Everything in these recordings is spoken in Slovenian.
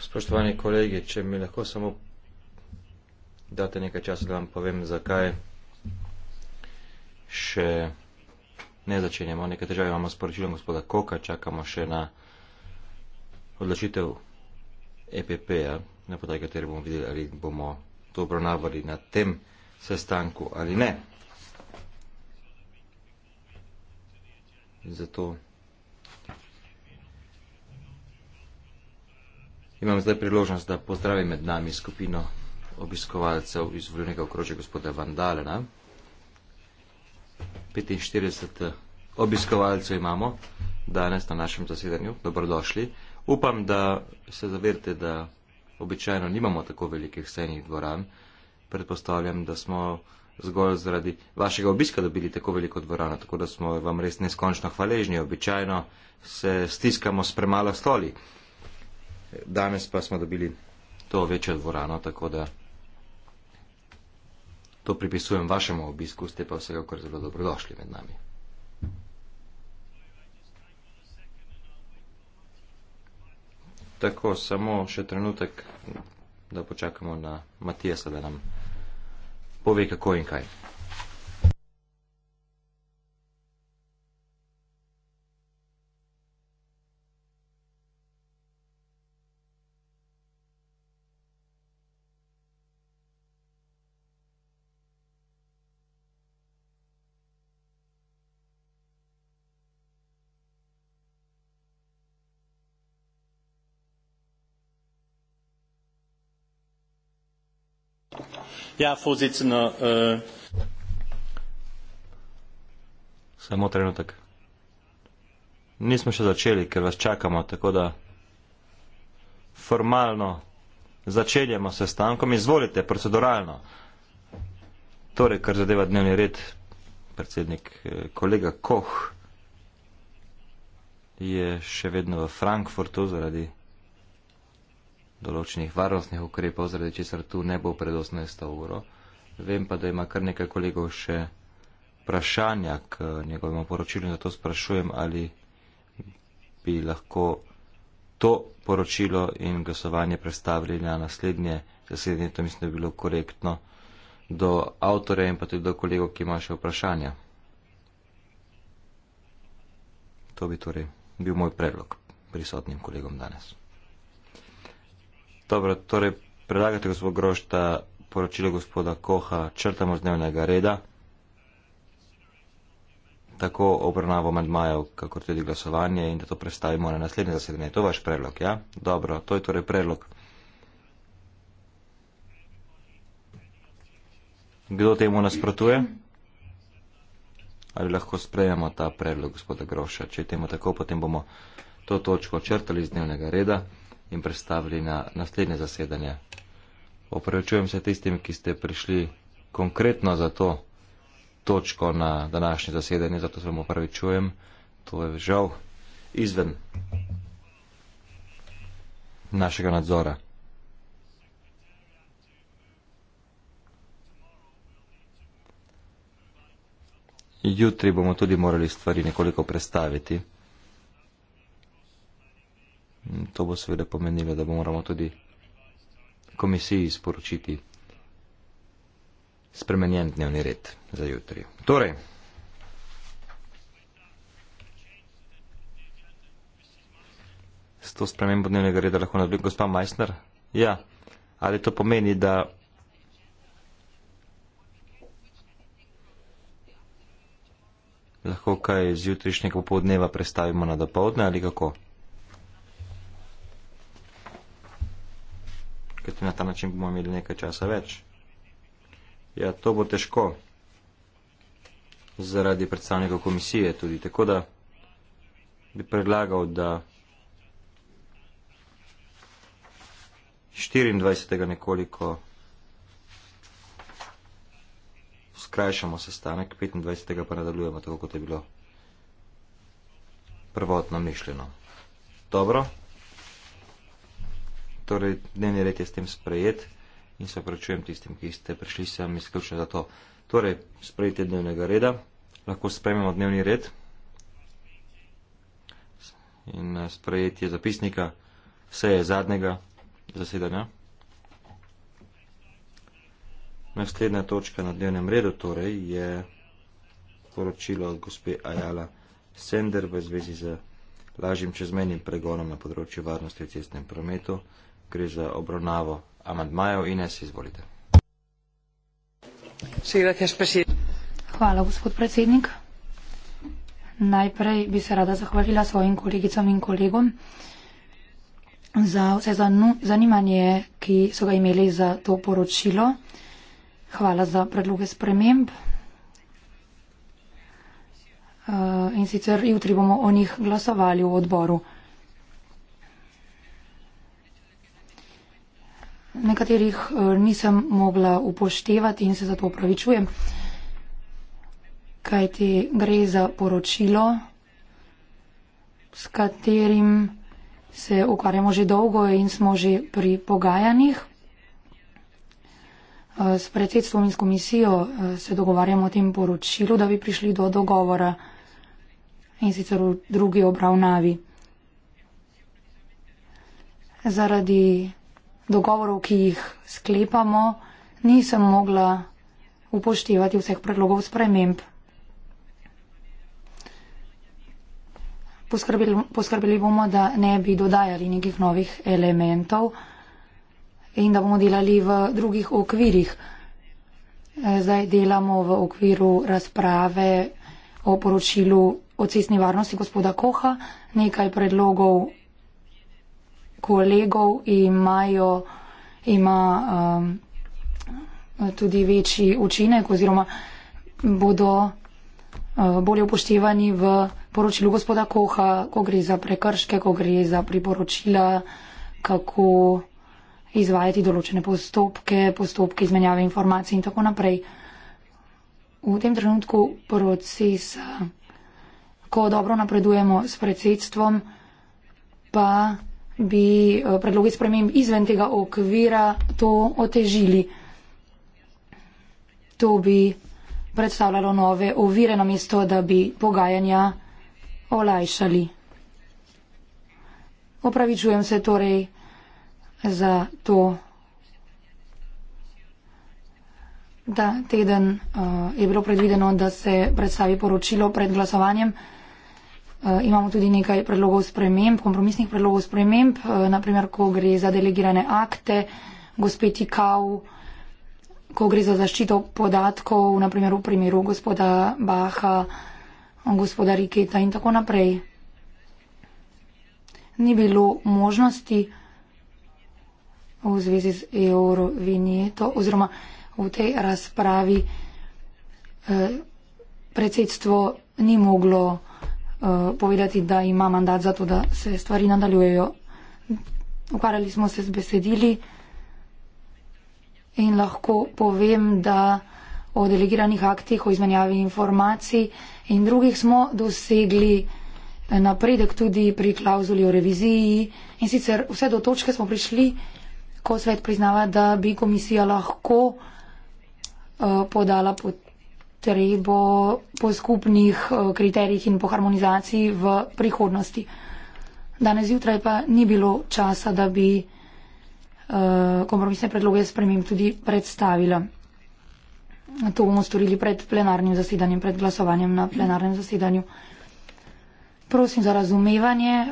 Spoštovani kolegi, če mi lahko samo date nekaj časa, da vam povem, zakaj še ne začenjamo. Nekaj težav imamo s poročilom gospoda Koka, čakamo še na odločitev EPP-ja, na podaj kateri bomo videli, ali bomo to obravnavali na tem sestanku ali ne. Zato. Imam zdaj priložnost, da pozdravim med nami skupino obiskovalcev iz voljenega okrožja gospoda Vandalena. 45 eh, obiskovalcev imamo danes na našem zasedanju. Dobrodošli. Upam, da se zavedate, da običajno nimamo tako velikih sejnih dvoran. Predpostavljam, da smo zgolj zaradi vašega obiska dobili tako veliko dvorano, tako da smo vam res neskončno hvaležni. Običajno se stiskamo s premalo stoli. Danes pa smo dobili to večjo dvorano, tako da to pripisujem vašemu obisku, ste pa vsega, kar zelo dobrodošli med nami. Tako, samo še trenutek, da počakamo na Matijasa, da nam pove, kako in kaj. herr ja, präsident! Eh, samo trenutek nismo še začeli ker vas čakamo tako da formalno začenjamo s sestankom izvolite proceduralno torej kar zadeva dnevni red predsednik eh, kolega koh je še vedno v frankfurtu zaradi določenih varnostnih ukrepov, zaradi česar tu ne bo pred 18. uro. Vem pa, da ima kar nekaj kolegov še vprašanja k njegovemu poročilu, zato sprašujem, ali bi lahko to poročilo in glasovanje predstavili na naslednje zasedanje, to mislim, da bi bilo korektno, do avtore in pa tudi do kolegov, ki ima še vprašanja. To bi torej bil moj predlog prisotnim kolegom danes. Dobro, torej predlagate gospod Grošta poročilo gospoda Koha črtamo z dnevnega reda. Tako obravnavo amandmajev, kako tudi glasovanje in da to predstavimo na naslednje zasedanje. To je vaš predlog, ja? Dobro, to je torej predlog. Kdo temu nasprotuje? Ali lahko sprejemo ta predlog gospoda Groša? Če temu tako, potem bomo to točko črtali z dnevnega reda in predstavili na naslednje zasedanje. Opravičujem se tistim, ki ste prišli konkretno za to točko na današnje zasedanje, zato se vam opravičujem, to je žal izven našega nadzora. Jutri bomo tudi morali stvari nekoliko predstaviti. To bo seveda pomenilo, da moramo tudi komisiji sporočiti spremenjen dnevni red za jutri. Torej, s to spremembo dnevnega reda lahko nadaljuje gospa Majsner? Ja, ali to pomeni, da. Lahko kaj zjutrišnjega popoldneva prestavimo na dopoldne ali kako? ker na ta način bomo imeli nekaj časa več. Ja, to bo težko zaradi predstavnika komisije tudi. Tako da bi predlagal, da 24. nekoliko skrajšamo sestanek, 25. pa nadaljujemo tako, kot je bilo prvotno mišljeno. Dobro torej dnevni red je s tem sprejet in se opravičujem tistim, ki ste prišli sem izključno za to. Torej, sprejete dnevnega reda, lahko sprejmemo dnevni red in eh, sprejetje zapisnika seje zadnjega zasedanja. Naslednja točka na dnevnem redu torej je poročilo od gospe Ajala Sender v zvezi z lažjim čezmenim pregonom na področju varnosti v cestnem prometu gre za obravnavo amantmajev. Ines, izvolite. Hvala, gospod predsednik. Najprej bi se rada zahvalila svojim kolegicam in kolegom za vse zanimanje, ki so ga imeli za to poročilo. Hvala za predloge sprememb. Uh, in sicer jutri bomo o njih glasovali v odboru. nekaterih eh, nisem mogla upoštevati in se zato upravičujem, kajti gre za poročilo, s katerim se ukvarjamo že dolgo in smo že pri pogajanjih. Eh, s predsedstvom in s komisijo eh, se dogovarjamo o tem poročilu, da bi prišli do dogovora in sicer v drugi obravnavi. Zaradi dogovorov, ki jih sklepamo, nisem mogla upoštevati vseh predlogov sprememb. Poskrbeli, poskrbeli bomo, da ne bi dodajali nekih novih elementov in da bomo delali v drugih okvirih. Zdaj delamo v okviru razprave o poročilu o cestni varnosti gospoda Koha. Nekaj predlogov kolegov imajo, ima um, tudi večji učinek oziroma bodo uh, bolje upoštevani v poročilu gospoda Koha, ko gre za prekrške, ko gre za priporočila, kako izvajati določene postopke, postopke izmenjave informacij in tako naprej. V tem trenutku proces, ko dobro napredujemo s predsedstvom, pa bi eh, predlogi sprememb izven tega okvira to otežili. To bi predstavljalo nove ovire na mesto, da bi pogajanja olajšali. Opravičujem se torej za to, da teden uh, je bilo predvideno, da se predstavi poročilo pred glasovanjem. Eh, imamo tudi nekaj predlogov sprememb, kompromisnih predlogov sprememb, eh, naprimer, ko gre za delegirane akte, gospeti Kau, ko gre za zaščito podatkov, naprimer v primeru gospoda Baha, gospoda Riketa in tako naprej. Ni bilo možnosti v zvezi z eurovinjeto oziroma v tej razpravi eh, predsedstvo ni moglo. Eh, povedati, da ima mandat za to, da se stvari nadaljujejo. Ukvarjali smo se z besedili in lahko povem, da o delegiranih aktih, o izmenjavi informacij in drugih smo dosegli napredek tudi pri klauzuli o reviziji. In sicer vse do točke smo prišli, ko svet priznava, da bi komisija lahko uh, podala pot potrebo po skupnih eh, kriterijih in po harmonizaciji v prihodnosti. Danes jutraj pa ni bilo časa, da bi eh, kompromisne predloge sprememb tudi predstavila. To bomo storili pred plenarnim zasedanjem, pred glasovanjem na plenarnem zasedanju. Prosim za razumevanje eh,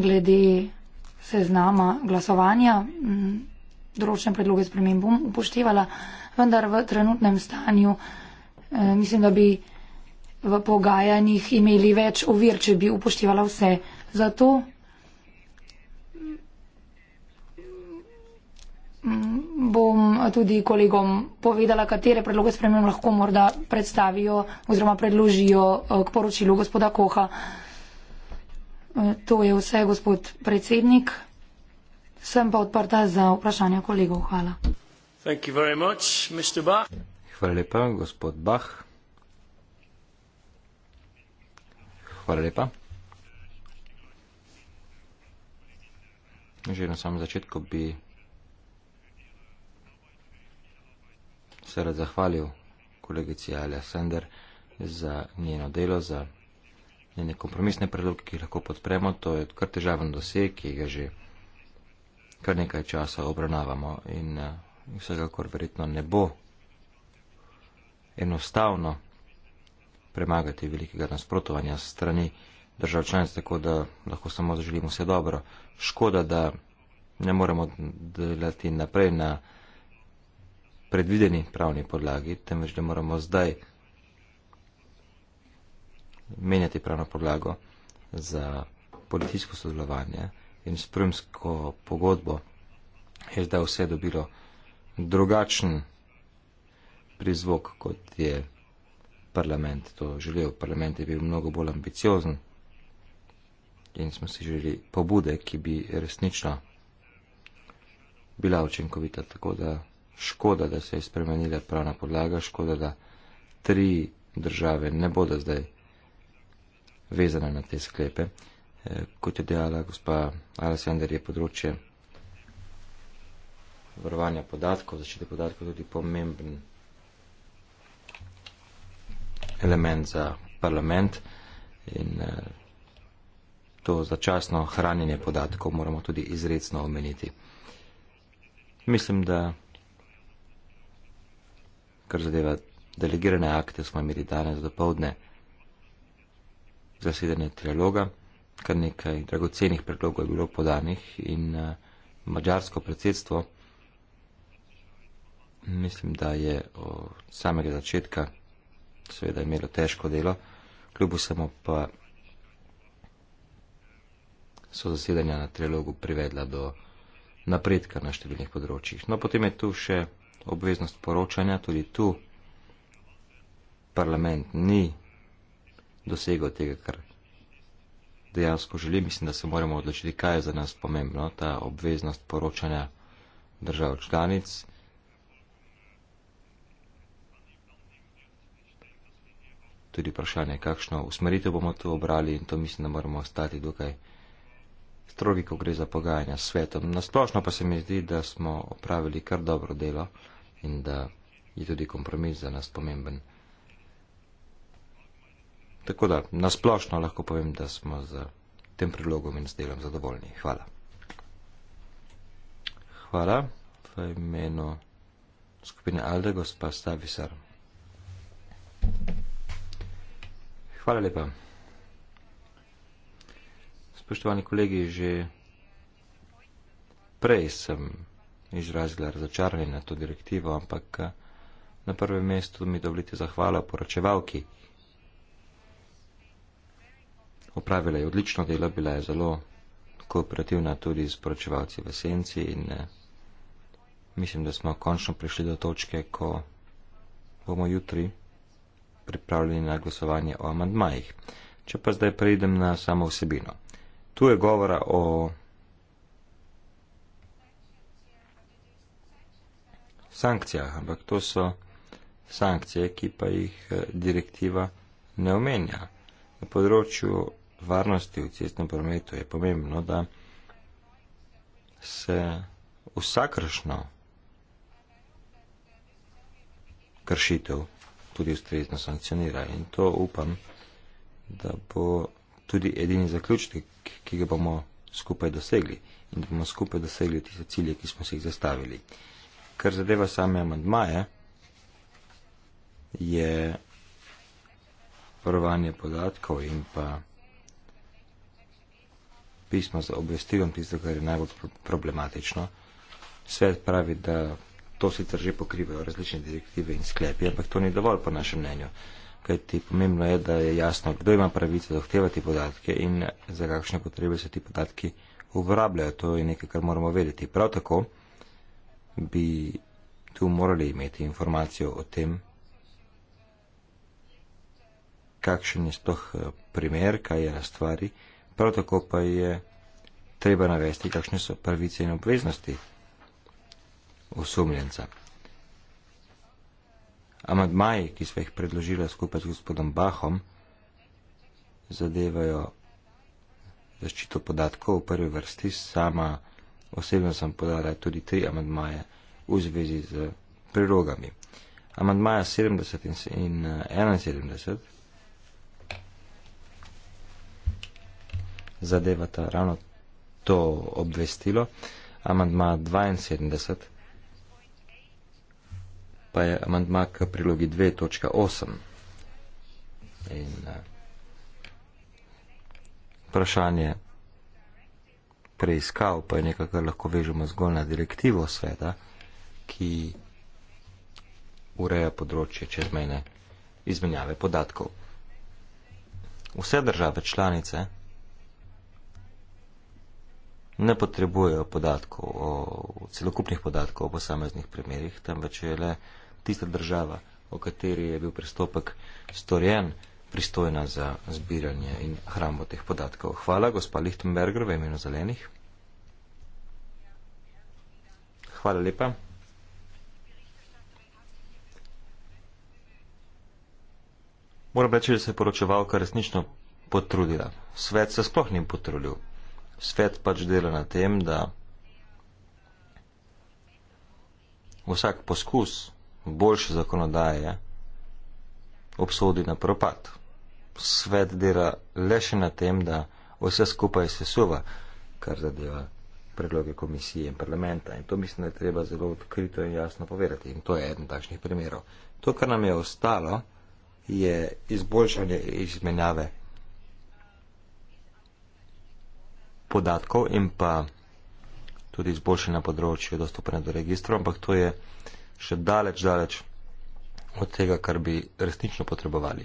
glede seznama glasovanja. Mm, določene predloge sprememb bom upoštevala vendar v trenutnem stanju eh, mislim, da bi v pogajanjih imeli več ovir, če bi upoštevala vse. Zato mm, bom tudi kolegom povedala, katere predloge spremem lahko morda predstavijo oziroma predložijo eh, k poročilu gospoda Koha. Eh, to je vse, gospod predsednik. Sem pa odprta za vprašanje kolegov. Hvala. Hvala lepa, gospod Bach. Hvala lepa. Že na samem začetku bi se rad zahvalil kolegici Alja Sender za njeno delo, za njene kompromisne predloge, ki jih lahko podpremo. To je kar težaven doseg, ki ga že kar nekaj časa obravnavamo. In, uh, vsekakor verjetno ne bo enostavno premagati velikega nasprotovanja strani držav članic, tako da lahko samo zaželimo vse dobro. Škoda, da ne moremo delati naprej na predvideni pravni podlagi, temveč da moramo zdaj menjati pravno podlago za politijsko sodelovanje in spremsko pogodbo je zdaj vse dobilo drugačen prizvok, kot je parlament to želel. Parlament je bil mnogo bolj ambiciozen in smo si želeli pobude, ki bi resnično bila učinkovita. Tako da škoda, da se je spremenila pravna podlaga, škoda, da tri države ne bodo zdaj vezane na te sklepe. Eh, kot je dejala gospa Alessandra, je področje varovanja podatkov, zaščite podatkov tudi pomemben element za parlament in eh, to začasno hranjenje podatkov moramo tudi izredno omeniti. Mislim, da kar zadeva delegirane akte smo imeli danes do povdne zasedanje trialoga, kar nekaj dragocenih predlogov je bilo podanih in uh, eh, mađarsko predsedstvo mislim, da je od samega začetka seveda imelo težko delo, kljub vsemu pa so zasedanja na trilogu privedla do napredka na številnih področjih. No, potem je tu še obveznost poročanja, tudi tu parlament ni dosegel tega, kar dejansko želi. Mislim, da se moramo odločiti, kaj je za nas pomembno, ta obveznost poročanja držav članic. tudi vprašanje, kakšno usmeritev bomo tu obrali in to mislim, da moramo ostati dokaj strogi, ko gre za pogajanja s svetom. Nasplošno pa se mi zdi, da smo opravili kar dobro delo in da je tudi kompromis za nas pomemben. Tako da, nasplošno lahko povem, da smo z tem predlogom in z delom zadovoljni. Hvala. Hvala. V imenu skupine Alde, gospa Stavisar. Thank you. Hvala lepa. Spoštovani kolegi, že prej sem izrazila razočaranje na to direktivo, ampak eh, na prvem mestu mi dovolite zahvala poročevalki. Opravila je odlično delo, bila je zelo kooperativna tudi s poročevalci v senci in eh, mislim, da smo končno prišli do točke, ko bomo jutri pripravljeni na glasovanje o amandmajih. Če pa zdaj preidem na samo vsebino. Tu je govora o sankcijah, ampak to so sankcije, ki pa jih eh, direktiva ne omenja. Na področju varnosti v cestnem prometu je pomembno, da se vsakršno kršitev tudi ustrezno sankcionira. In to upam, da bo tudi edini zaključek, ki ga bomo skupaj dosegli in da bomo skupaj dosegli tiste cilje, ki smo si jih zastavili. Kar zadeva same amandmaje, je varovanje podatkov in pa pismo z obvestilom, tisto, kar je najbolj problematično. Svet pravi, da to sicer že pokrivajo različne direktive in sklepi, ampak to ni dovolj po našem mnenju. Kaj ti pomembno je, da je jasno, kdo ima pravico zahtevati podatke in za kakšne potrebe se ti podatki uporabljajo. To je nekaj, kar moramo vedeti. Prav tako bi tu morali imeti informacijo o tem, kakšen je sploh eh, primer, kaj je na stvari. Prav tako pa je treba navesti, kakšne so pravice in obveznosti osumljenca. Amadmaji, ki smo jih predložili skupaj z gospodom Bahom, zadevajo zaščito podatkov v prvi vrsti. Sama osebno sem podala tudi tri amadmaje v zvezi z prirogami. Amadmaja 70 in 71 eh, zadevata ravno to obvestilo. Amadmaja 72 pa je amandma k prilogi 2.8. In uh, vprašanje preiskav pa je nekaj, kar lahko vežemo zgolj na direktivo sveta, ki ureja področje čezmejne izmenjave podatkov. Vse države članice ne potrebujejo podatkov o celokupnih podatkov o posameznih primerih, temveč je le tista država, o kateri je bil prestopek storjen, pristojna za zbiranje in hrambo teh podatkov. Hvala, gospa Lichtenberger, v imenu zelenih. Hvala lepa. Moram reči, da se je poročevalka resnično potrudila. Svet se sploh ni potrudil. Svet pač dela na tem, da vsak poskus boljše zakonodaje obsodi na propad. Svet dela le še na tem, da vse skupaj se suva, kar zadeva predloge komisije in parlamenta. In to mislim, da je treba zelo odkrito in jasno povedati. In to je eden takšnih primerov. To, kar nam je ostalo, je izboljšanje izmenjave podatkov in pa tudi izboljšanje področja dostopanja do registrov, ampak to je še daleč, daleč od tega, kar bi resnično potrebovali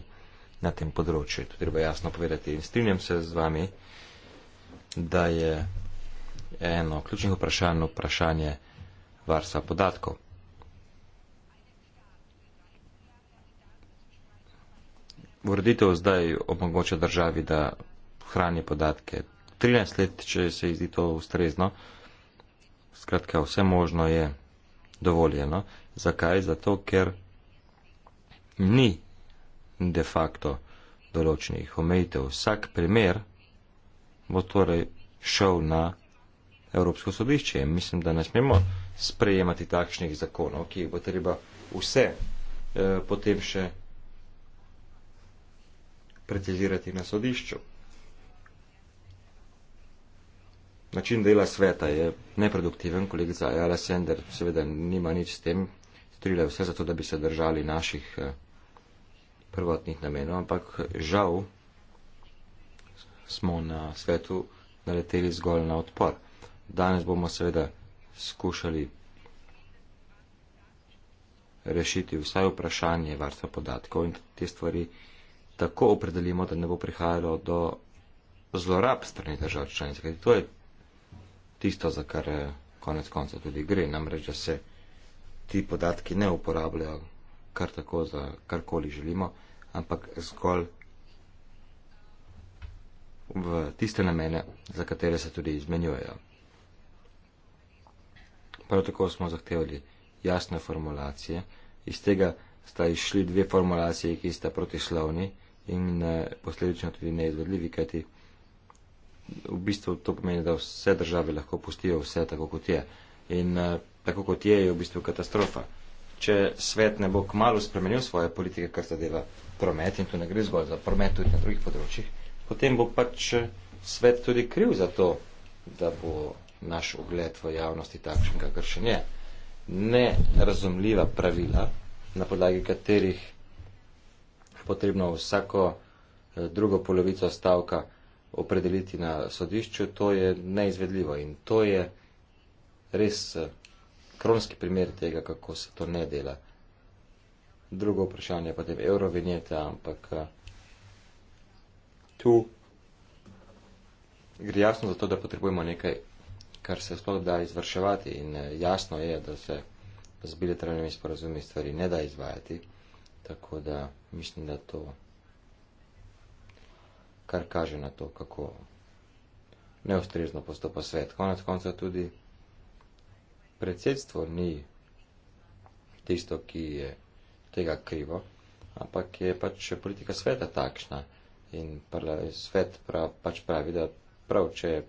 na tem področju. To treba jasno povedati in strinjam se z vami, da je eno ključnih vprašanj vprašanje varstva podatkov. Ureditev zdaj omogoča državi, da hrani podatke 13 let, če se ji zdi to ustrezno. Skratka, vse možno je dovoljeno. Zakaj? Zato, ker ni de facto določenih omejitev. Vsak primer bo torej šel na Evropsko sodišče. Mislim, da ne smemo sprejemati takšnih zakonov, ki jih bo treba vse eh, potem še precizirati na sodišču. Način dela sveta je neproduktiven, kolegica Jala Sender seveda nima nič s tem, trile vse zato, da bi se držali naših eh, prvotnih namenov, ampak žal smo na svetu naleteli zgolj na odpor. Danes bomo seveda skušali rešiti vsaj vprašanje varstva podatkov in te stvari tako opredelimo, da ne bo prihajalo do zlorab strani držav članic. To je tisto, za kar eh, konec konca tudi gre, namreč, da se ti podatki ne uporabljajo kar tako za karkoli želimo, ampak zgolj v tiste namene, za katere se tudi izmenjujejo. Prav tako smo zahtevali jasne formulacije. Iz tega sta išli dve formulacije, ki sta protislovni in posledično tudi neizvedljivi, kajti v bistvu to pomeni, da vse države lahko pustijo vse tako, kot je. In eh, tako kot je, je v bistvu katastrofa. Če svet ne bo kmalo spremenil svoje politike, kar zadeva promet, in tu ne gre zgolj za promet, tudi na drugih področjih, potem bo pač eh, svet tudi kriv za to, da bo naš ugled v javnosti takšen, kakor še nje. Nerazumljiva pravila, na podlagi katerih potrebno vsako eh, drugo polovico stavka opredeliti na sodišču, to je neizvedljivo in to je res eh, kronski primer tega, kako se to ne dela. Drugo vprašanje pa je eurovinjeta, ampak eh, tu gre jasno za to, da potrebujemo nekaj, kar se sploh da izvrševati in eh, jasno je, da se z bilateralnimi sporazumi stvari ne da izvajati, tako da mislim, da to kar kaže na to, kako neustrezno postopa svet. Konec konca tudi predsedstvo ni tisto, ki je tega krivo, ampak je pač politika sveta takšna in parla, svet prav, pač pravi, da prav, če je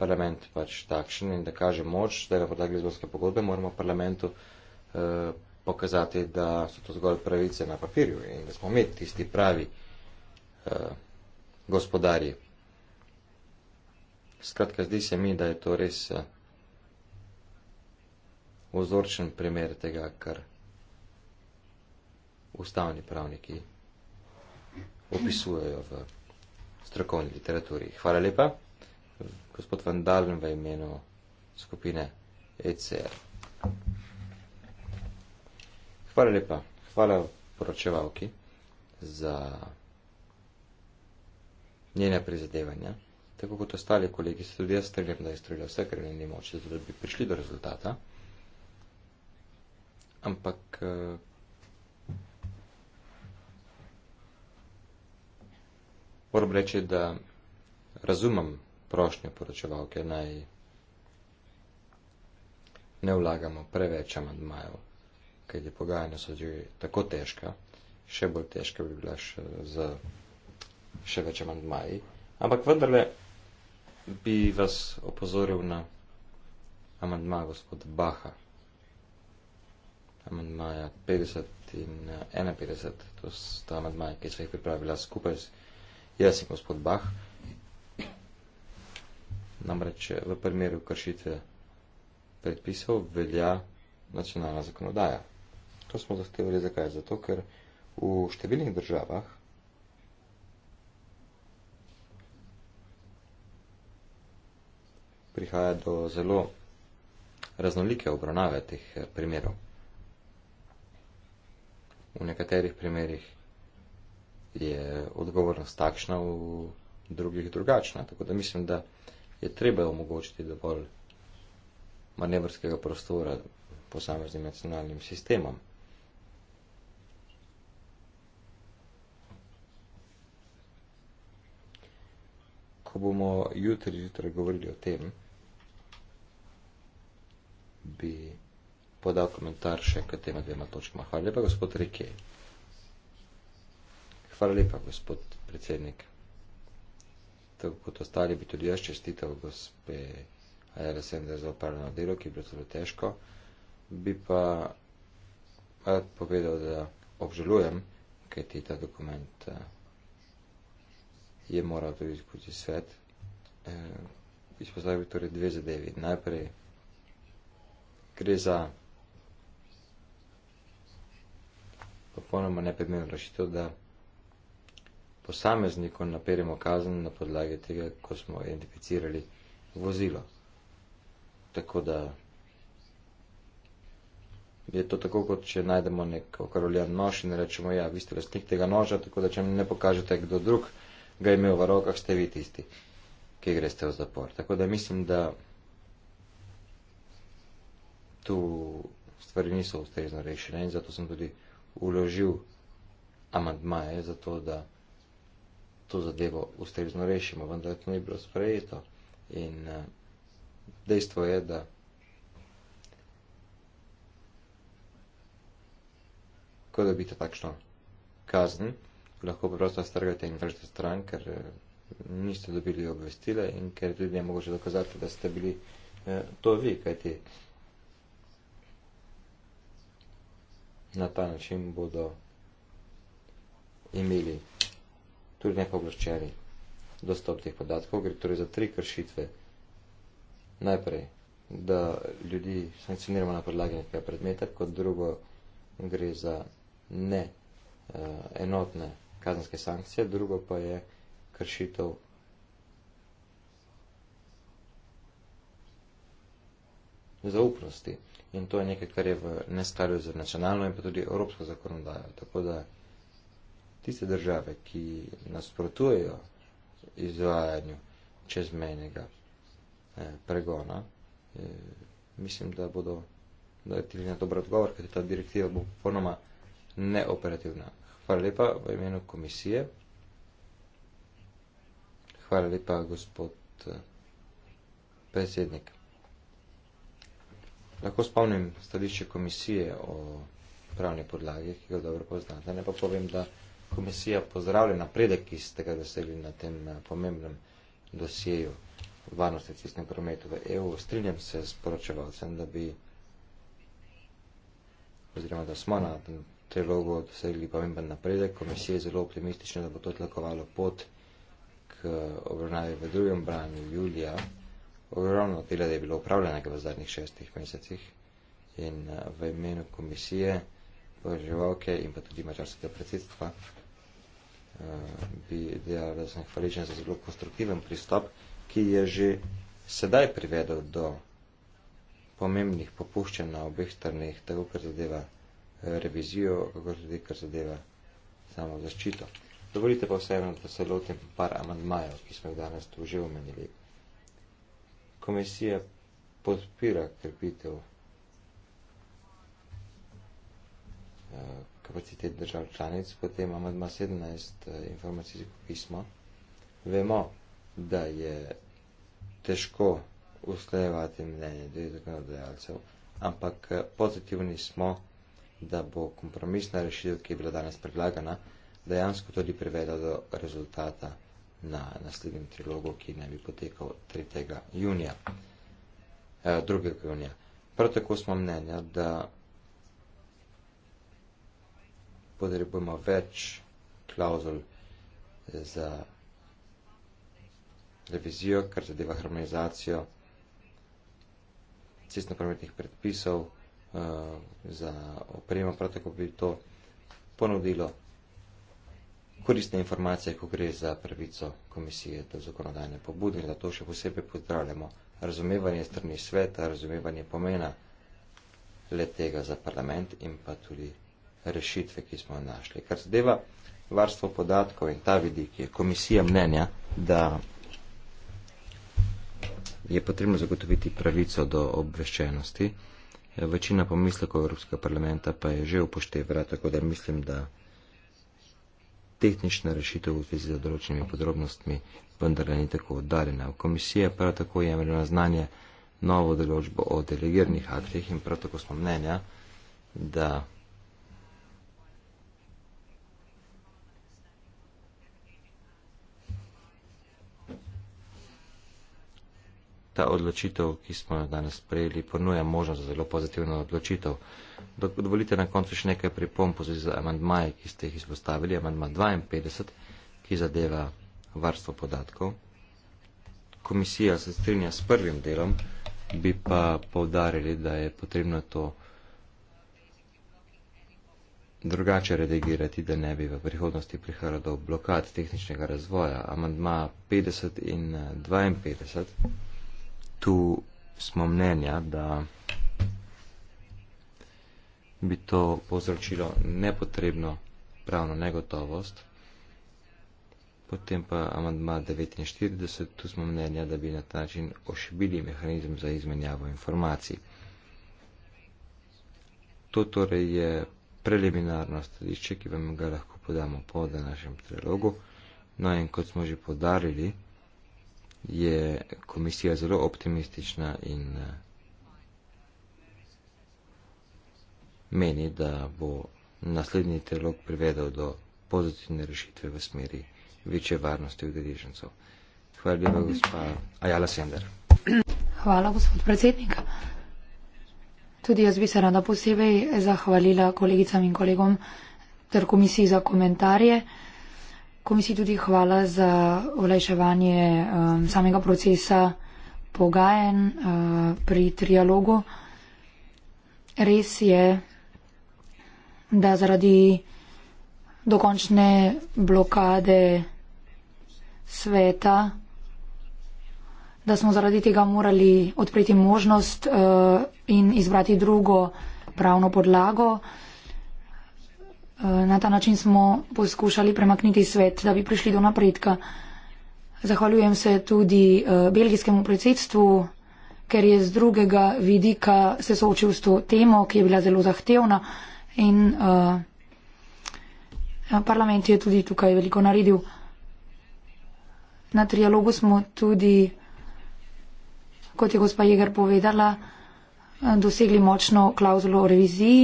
parlament pač takšen in da kaže moč, da ga podlagi izborske pogodbe, moramo parlamentu eh, pokazati, da so to zgolj pravice na papirju in da smo mi tisti pravi eh, gospodari. Skratka, zdi se mi, da je to res. Eh, ozorčen primer tega, kar ustavni pravniki opisujejo v strokovni literaturi. Hvala lepa, gospod Vandalen, v imenu skupine ECR. Hvala lepa, hvala poročevalki za njene prizadevanja. Tako kot ostali kolegi, se tudi jaz strengem, da je storila vse, kar je na njej moči, da bi prišli do rezultata ampak uh, moram reči, da razumem prošnje poročevalke, naj ne vlagamo preveč amadmajev, kaj je pogajanja so že tako težka, še bolj težka bi bila še z še več amadmaji, ampak vendarle bi vas opozoril na amandma gospoda Baha amandmaja 50 in 51, eh, to sta amandmaja, ki sva jih pripravila skupaj z jaz in gospod Bah. Namreč eh, v primeru kršitve predpisov velja nacionalna zakonodaja. To smo zahtevali zakaj? Zato, ker v številnih državah prihaja do zelo raznolike obravnave teh eh, primerov. V nekaterih primerjih je odgovornost takšna, v drugih drugačna. Tako da mislim, da je treba omogočiti dovolj manevrskega prostora posameznim nacionalnim sistemom. Ko bomo jutri, jutri govorili o tem, bi podal komentar še k tema dvema točkama. Hvala lepa, gospod Rike. Hvala lepa, gospod predsednik. Tako kot ostali bi tudi jaz čestitev gospe Ajala Sender za upravljeno delo, ki je bilo zelo težko. Bi pa rad povedal, da obžalujem, ker ti ta dokument eh, je moral tudi skozi svet. Eh, izpostavil bi torej dve zadevi. Najprej gre za popolnoma nepredmeno rešitev, da posameznikom naperimo kazen na podlagi tega, ko smo identificirali vozilo. Tako da je to tako, kot če najdemo nek okarolijan nož in rečemo, ja, vi ste lastnik tega noža, tako da če mi ne pokažete, kdo drug ga je imel v rokah, ste vi tisti, ki greste v zapor. Tako da mislim, da tu stvari niso ustrezno rešene in zato sem tudi uložil amantmaje za to, da to zadevo ustrezno rešimo, vendar to ni bilo sprejeto. In eh, dejstvo je, da ko dobite takšno kazen, lahko preprosto strgate in vržete stran, ker eh, niste dobili obvestila in ker tudi ne mogoče dokazati, da ste bili eh, to vi, kajti na ta način bodo imeli tudi nepovlaščeni dostop teh podatkov, gre torej za tri kršitve. Najprej, da ljudi sankcioniramo na podlagi nekega predmeta, kot drugo gre za ne uh, enotne kazenske sankcije, drugo pa je kršitev zaupnosti in to je nekaj, kar je v neskladju z nacionalno in pa tudi evropsko zakonodajo. Tako da tiste države, ki nasprotujejo izvajanju čezmenjega eh, pregona, eh, mislim, da bodo dali na dober odgovor, ker ta direktiva bo ponoma neoperativna. Hvala lepa v imenu komisije. Hvala lepa, gospod eh, predsednik. Eh, Lahko spomnim stališče komisije o pravni podlagi, ki ga dobro poznate. Ne pa povem, da komisija pozdravlja napredek, ki ste ga dosegli na tem eh, pomembnem dosjeju varnosti cestnem prometu v EU. Strinjam se s poročevalcem, da bi oziroma da smo na tem trilogu dosegli pomemben napredek. Komisija je zelo optimistična, da bo to tlakovalo pot k obravnavi v drugem branju julija Ogromno dela je bilo upravljenega v zadnjih šestih mesecih in eh, v imenu komisije, poživalke in pa tudi mačarskega predsedstva eh, bi dejal, da sem hvaličen za zelo konstruktiven pristop, ki je že sedaj privedel do pomembnih popuščen na obeh strnih, tako kar zadeva eh, revizijo, kako tudi kar zadeva samo zaščito. Dovolite pa vseeno, da se lotim par amandmajev, ki smo jih danes tu že omenili komisija podpira krepitev eh, kapacitet držav članic, potem imamo 17 eh, informacijsko pismo. Vemo, da je težko usklajevati mnenje do zakonodajalcev, ampak eh, pozitivni smo, da bo kompromisna rešitev, ki je bila danes predlagana, dejansko tudi privedla do rezultata na naslednjem trilogu, ki naj bi potekal 3. junija, 2. Eh, junija. Prav tako smo mnenja, da potrebujemo več klauzul za revizijo, kar zadeva harmonizacijo cestno-prometnih predpisov eh, za opremo, prav tako bi to ponudilo koristne informacije, ko gre za pravico komisije do zakonodajne pobude in zato še posebej pozdravljamo razumevanje strani sveta, razumevanje pomena le tega za parlament in pa tudi rešitve, ki smo našli. Kar zadeva varstvo podatkov in ta vidik je komisija mnenja, da je potrebno zagotoviti pravico do obveščenosti. Večina pomislekov Evropskega parlamenta pa je že upoštevala, tako da mislim, da tehnična rešitev v zvezi z določenimi podrobnostmi, vendar ne tako oddaljena. Komisija prav tako je imela znanje novo določbo o delegiranih aktih in prav tako smo mnenja, da ta odločitev, ki smo jo danes prejeli, ponuja možnost za zelo pozitivno odločitev. Dovolite na koncu še nekaj pripomp v zvezi z amandmaji, ki ste jih izpostavili. Amandma 52, ki zadeva varstvo podatkov. Komisija se strinja s prvim delom, bi pa povdarili, da je potrebno to drugače redigirati, da ne bi v prihodnosti prihajalo do blokad tehničnega razvoja. Amandma 50 in 52 tu smo mnenja, da bi to povzročilo nepotrebno pravno negotovost, potem pa amandma 49, tu smo mnenja, da bi na ta način ošibili mehanizem za izmenjavo informacij. To torej je preliminarno stališče, ki vam ga lahko podamo po današnjem trilogu. No in kot smo že podarili, je komisija zelo optimistična in eh, meni, da bo naslednji trilog privedel do pozitivne rešitve v smeri večje varnosti udeležencev. Hvala lepa, gospa Ajala Sender. Hvala, gospod predsednik. Tudi jaz bi se rada posebej zahvalila kolegicam in kolegom ter komisiji za komentarje. Komisiji tudi hvala za olajševanje um, samega procesa pogajen uh, pri trialogu. Res je, da zaradi dokončne blokade sveta, da smo zaradi tega morali odpreti možnost uh, in izbrati drugo pravno podlago. Uh, Na ta način smo poskušali premakniti svet, da bi prišli do napredka. Zahvaljujem se tudi eh, belgijskemu predsedstvu, ker je z drugega vidika se soočil s to temo, ki je bila zelo zahtevna in eh, parlament je tudi tukaj veliko naredil. Na trialogu smo tudi, kot je gospa Jeger povedala, eh, dosegli močno klauzulo o reviziji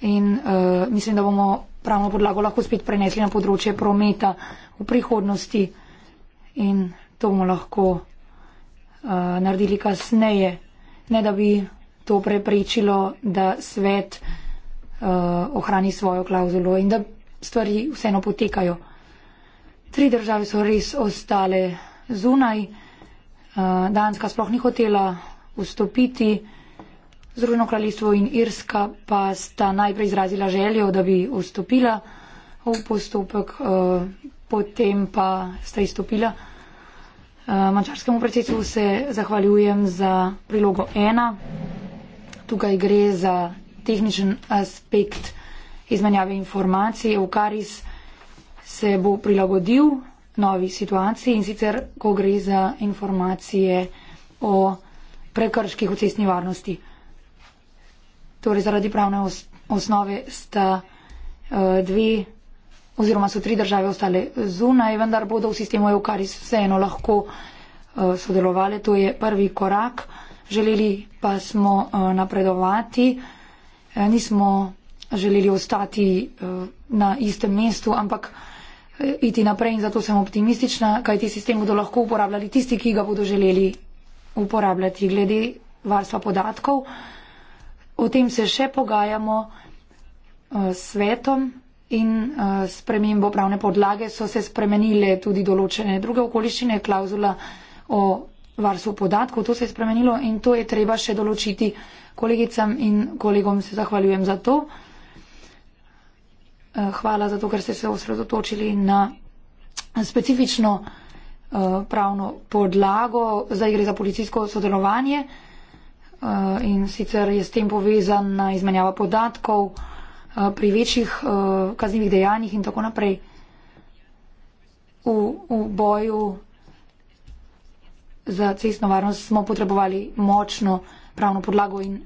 in uh, mislim, da bomo pravno podlago lahko spet prenesli na področje prometa v prihodnosti in to bomo lahko uh, naredili kasneje, ne da bi to preprečilo, da svet uh, ohrani svojo klauzulo in da stvari vseeno potekajo. Tri države so res ostale zunaj, uh, Danska sploh ni hotela vstopiti. Združeno kraljestvo in Irska pa sta najprej izrazila željo, da bi vstopila v postopek, uh, potem pa sta izstopila. Uh, eh, mačarskemu predsedstvu se zahvaljujem za prilogo ena. Tukaj gre za tehničen aspekt izmenjave informacij. Eukaris se bo prilagodil novi situaciji in sicer, ko gre za informacije o prekrških v cestni varnosti torej zaradi pravne os osnove sta uh, dve oziroma so tri države ostale zunaj, vendar bodo v sistemu EUKARIS vseeno lahko uh, eh, sodelovali. To je prvi korak. Želeli pa smo uh, napredovati, uh, nismo želeli ostati uh, na istem mestu, ampak uh, iti naprej in zato sem optimistična, kaj ti sistem bodo lahko uporabljali tisti, ki ga bodo želeli uporabljati glede varstva podatkov. Uh, O tem se še pogajamo eh, s svetom in eh, spremembo pravne podlage so se spremenile tudi določene druge okoliščine, klauzula o varstvu podatkov, to se je spremenilo in to je treba še določiti. Kolegicam in kolegom se zahvaljujem za to. Eh, hvala za to, ker ste se osredotočili na specifično pravno podlago, zdaj gre za policijsko sodelovanje. Eh, in sicer je s tem povezana izmenjava podatkov eh, pri večjih eh, kaznjivih dejanjih in tako naprej v, v boju za cestno varnost smo potrebovali močno pravno podlago in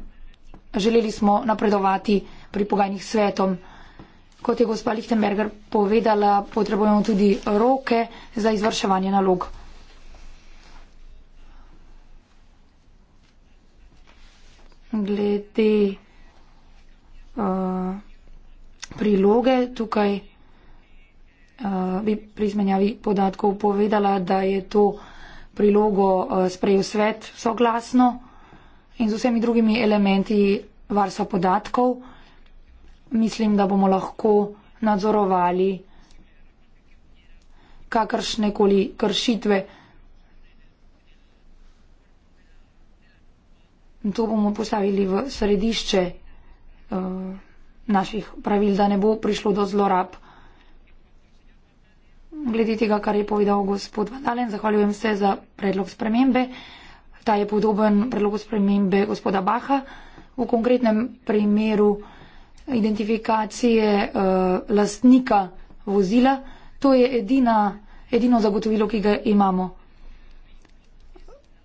želeli smo napredovati pri pogajnih svetom. Kot je gospa Lichtenberger povedala, potrebujemo tudi roke za izvrševanje nalog. glede uh, priloge tukaj uh, bi pri izmenjavi podatkov povedala, da je to prilogo uh, sprejel svet soglasno in z vsemi drugimi elementi varstva podatkov. Mislim, da bomo lahko nadzorovali kakršne koli kršitve. In to bomo postavili v središče uh, naših pravil, da ne bo prišlo do zlorab. Glede tega, kar je povedal gospod Vandalen, zahvaljujem se za predlog spremembe. Ta je podoben predlogu spremembe gospoda Baha. V konkretnem primeru identifikacije uh, lastnika vozila, to je edina, edino zagotovilo, ki ga imamo.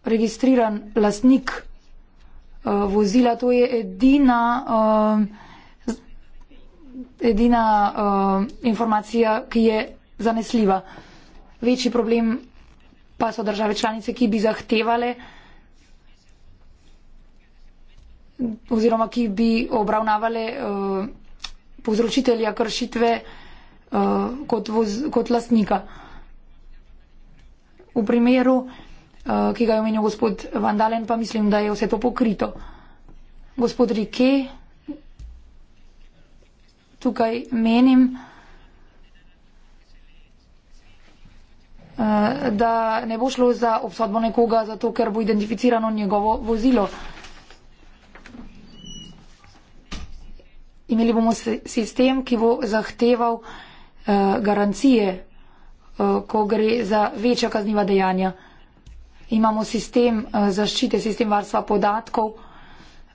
Registriran lastnik Eh, vozila. To je edina, uh, edina uh, informacija, ki je zanesljiva. Večji problem pa so države članice, ki bi zahtevale oziroma ki bi obravnavale uh, povzročitelja kršitve uh, kot, voz, kot lastnika. V primeru, Eh, ki ga je omenil gospod Vandalen, pa mislim, da je vse to pokrito. Gospod Rike, tukaj menim, eh, da ne bo šlo za obsodbo nekoga, zato ker bo identificirano njegovo vozilo. Imeli bomo sistem, ki bo zahteval eh, garancije, ko gre za večja kazniva dejanja imamo sistem eh, zaščite, sistem varstva podatkov.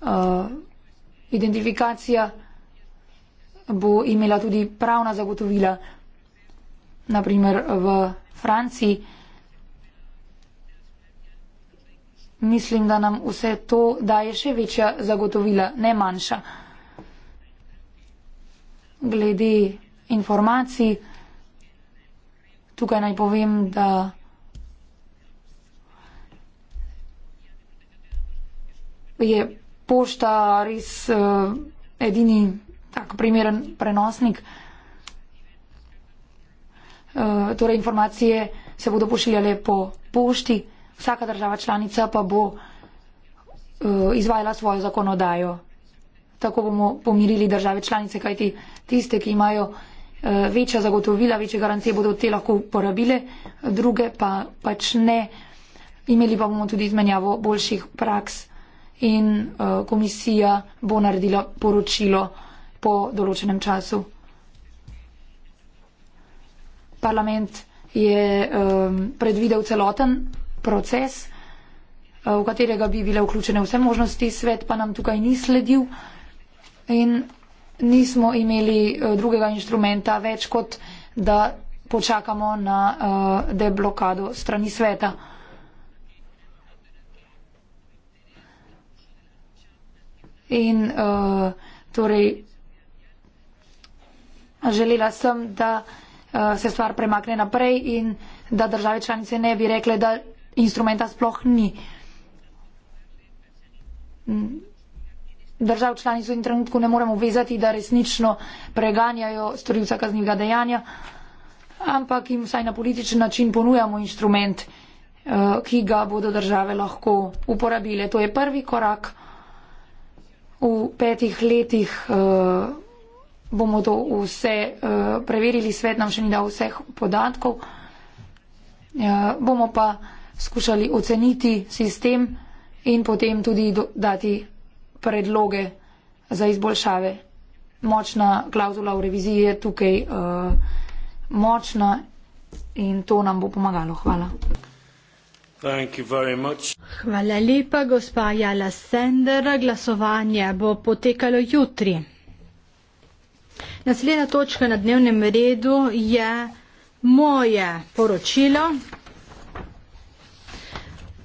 Eh, identifikacija bo imela tudi pravna zagotovila, naprimer v Franciji. Mislim, da nam vse to daje še večja zagotovila, ne manjša. Glede informacij, tukaj naj povem, da. je pošta res uh, edini tak primeren prenosnik. Uh, torej informacije se bodo pošiljale po pošti, vsaka država članica pa bo uh, izvajala svojo zakonodajo. Tako bomo pomirili države članice, kajti tiste, ki imajo uh, večja zagotovila, večje garancije, bodo te lahko uporabile, druge pa pač ne. Imeli pa bomo tudi izmenjavo boljših praks in uh, komisija bo naredila poročilo po določenem času. Parlament je um, predvidel celoten proces, eh, v katerega bi bile vključene vse možnosti, svet pa nam tukaj ni sledil in nismo imeli drugega inštrumenta več kot da počakamo na uh, deblokado strani sveta. In uh, torej želela sem, da uh, se stvar premakne naprej in da države članice ne bi rekle, da instrumenta sploh ni. Držav članic v tem trenutku ne moremo vezati, da resnično preganjajo storilca kaznjivega dejanja, ampak jim vsaj na političen način ponujamo instrument, uh, ki ga bodo države lahko uporabile. To je prvi korak. V petih letih uh, bomo to vse uh, preverili, svet nam še ni dal vseh podatkov. Uh, bomo pa skušali oceniti sistem in potem tudi do, dati predloge za izboljšave. Močna klauzula v reviziji je tukaj uh, močna in to nam bo pomagalo. Hvala. Hvala lepa, gospa Jala Sender. Glasovanje bo potekalo jutri. Naslednja točka na dnevnem redu je moje poročilo.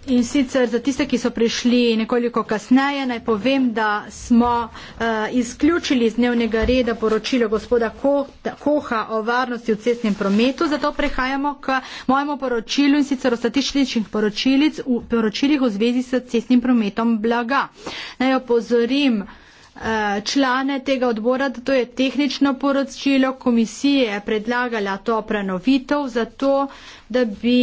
In sicer za tiste, ki so prišli nekoliko kasneje, naj povem, da smo uh, izključili iz dnevnega reda poročilo gospoda Ko, Koha o varnosti v cestnem prometu, zato prehajamo k mojemu poročilu in sicer o statističnih poročilih v, poročilih v zvezi s cestnim prometom blaga. Naj opozorim eh, člane tega odbora, da to je tehnično poročilo, komisije je predlagala to prenovitev, zato da bi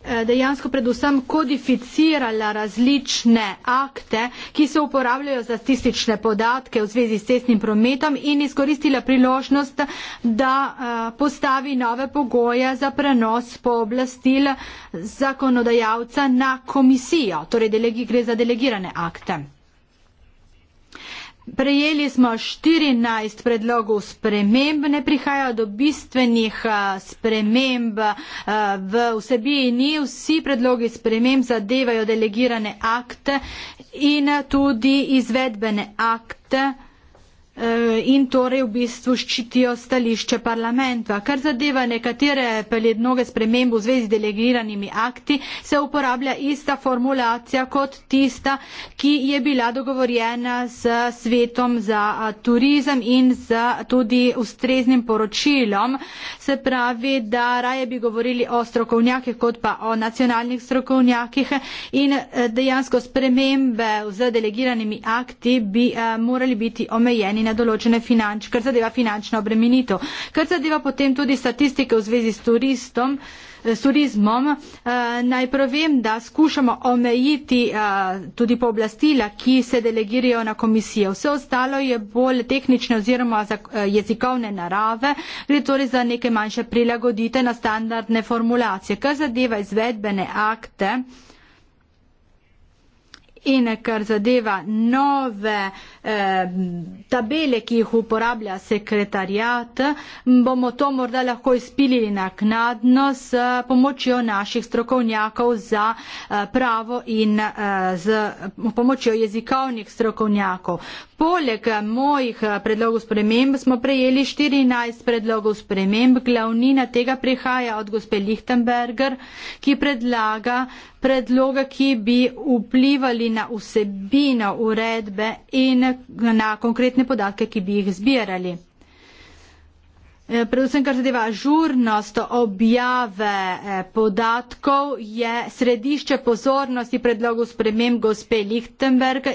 Eh, dejansko predvsem kodificirala različne akte, ki se uporabljajo za statistične podatke v zvezi s cestnim prometom in izkoristila priložnost, da eh, postavi nove pogoje za prenos pooblastil zakonodajalca na komisijo, torej gre za delegirane akte. Prejeli smo 14 predlogov sprememb, ne prihaja do bistvenih sprememb v vsebini. Vsi predlogi sprememb zadevajo delegirane akte in tudi izvedbene akte. Eh, in torej v bistvu ščitijo stališče parlamenta. Kar zadeva nekatere mnoge spremembe v zvezi z delegiranimi akti, se uporablja ista formulacija kot tista, ki je bila dogovorjena s svetom za eh, turizem in z eh, tudi ustreznim poročilom. Se pravi, da raje bi govorili o strokovnjakih kot pa o nacionalnih strokovnjakih in dejansko spremembe z delegiranimi akti bi morali biti omejeni na določene finanč, kar zadeva finančno obremenito. Kar zadeva potem tudi statistike v zvezi s turistom, eh, s turizmom, eh, naj provem, da skušamo omejiti eh, tudi pooblastila, ki se delegirajo na komisijo. Vse ostalo je bolj tehnične oziroma jezikovne narave, gre torej za neke manjše prilagodite na standardne formulacije. Kar zadeva izvedbene akte, In kar zadeva nove eh, tabele, ki jih uporablja sekretarjat, bomo to morda lahko izpili naknadno s eh, pomočjo naših strokovnjakov za eh, pravo in eh, z eh, pomočjo jezikovnih strokovnjakov. Poleg eh, mojih predlogov sprememb smo prejeli 14 predlogov sprememb. Glavnina tega prihaja od gospe Lichtenberger, ki predlaga predloge, ki bi vplivali na vsebino uredbe in na konkretne podatke, ki bi jih zbirali. E, predvsem, kar zadeva žurnost objave e, podatkov, je središče pozornosti predlogu sprememb gospe Lichtenberg,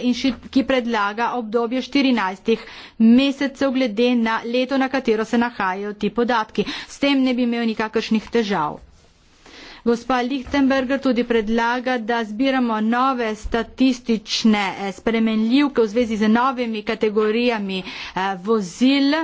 ki predlaga obdobje 14 mesecev glede na leto, na katero se nahajajo ti podatki. S tem ne bi imel nikakršnih težav. Gospa Lichtenberger tudi predlaga, da zbiramo nove statistične eh, spremenljivke v zvezi z novimi kategorijami eh, vozil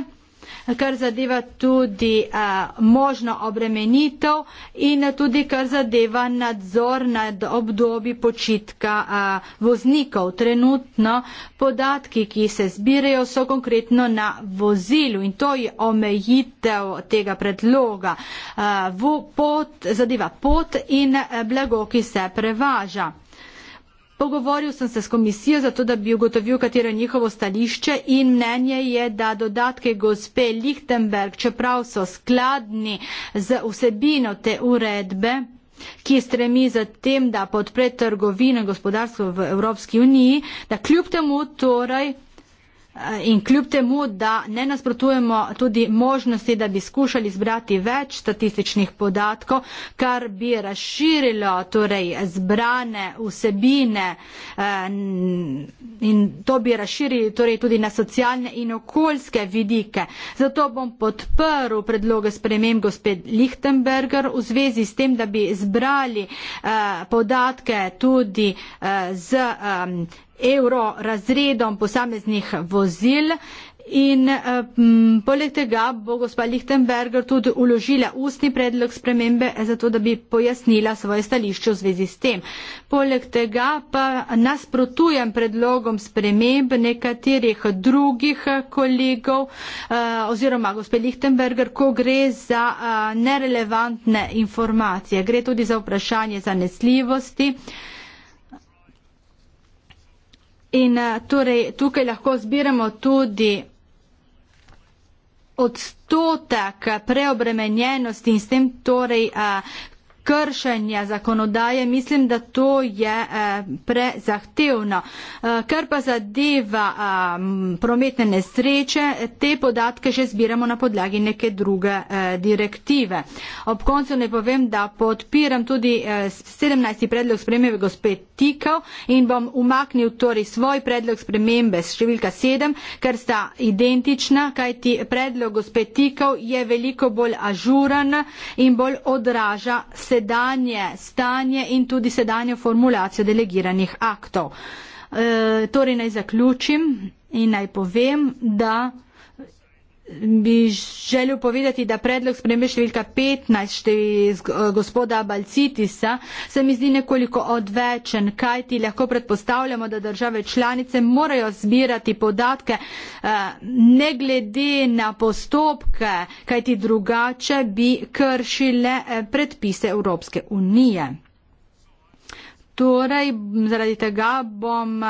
kar zadeva tudi uh, možno obremenitev in tudi kar zadeva nadzor nad obdobji počitka uh, voznikov. Trenutno podatki, ki se zbirajo, so konkretno na vozilu in to je omejitev tega predloga. Uh, pot, zadeva pot in blago, ki se prevaža. Pogovoril sem se s komisijo, zato da bi ugotovil, katero je njihovo stališče in mnenje je, da dodatke gospe Lichtenberg, čeprav so skladni z vsebino te uredbe, ki stremi za tem, da podpre trgovino in gospodarstvo v Evropski uniji, da kljub temu torej In kljub temu, da ne nasprotujemo tudi možnosti, da bi skušali zbrati več statističnih podatkov, kar bi razširilo torej, zbrane vsebine eh, in to bi razširili torej, tudi na socialne in okoljske vidike. Zato bom podprl predloge sprememb gospod Lichtenberger v zvezi s tem, da bi zbrali eh, podatke tudi eh, z evro razredom posameznih vozil. In um, poleg tega bo gospa Lichtenberger tudi uložila ustni predlog spremembe, eh, zato da bi pojasnila svoje stališče v zvezi s tem. Poleg tega pa nasprotujem predlogom sprememb nekaterih drugih eh, kolegov uh, oziroma gospe Lichtenberger, ko gre za uh, nerelevantne informacije. Gre tudi za vprašanje zanesljivosti. Uh, In eh, torej tukaj lahko zbiramo tudi odstotek preobremenjenosti in s tem torej eh, kršenja zakonodaje, mislim, da to je eh, prezahtevno. Ker pa zadeva prometne nesreče, te podatke že zbiramo na podlagi neke druge direktive. Ob koncu ne povem, da podpiram tudi 17. predlog spremljivega spet dotikal in bom umaknil torej svoj predlog spremembe s številka 7, ker sta identična, kajti predlog gospe Tikov je veliko bolj ažuran in bolj odraža sedanje stanje in tudi sedanjo formulacijo delegiranih aktov. E, torej naj zaključim in naj povem, da bi želel povedati, da predlog spremembe številka 15 števi eh, gospoda Balcitisa se mi zdi nekoliko odvečen, kajti lahko predpostavljamo, da države članice morajo zbirati podatke eh, ne glede na postopke, kajti drugače bi kršile eh, predpise Evropske unije. Torej, zaradi tega bom.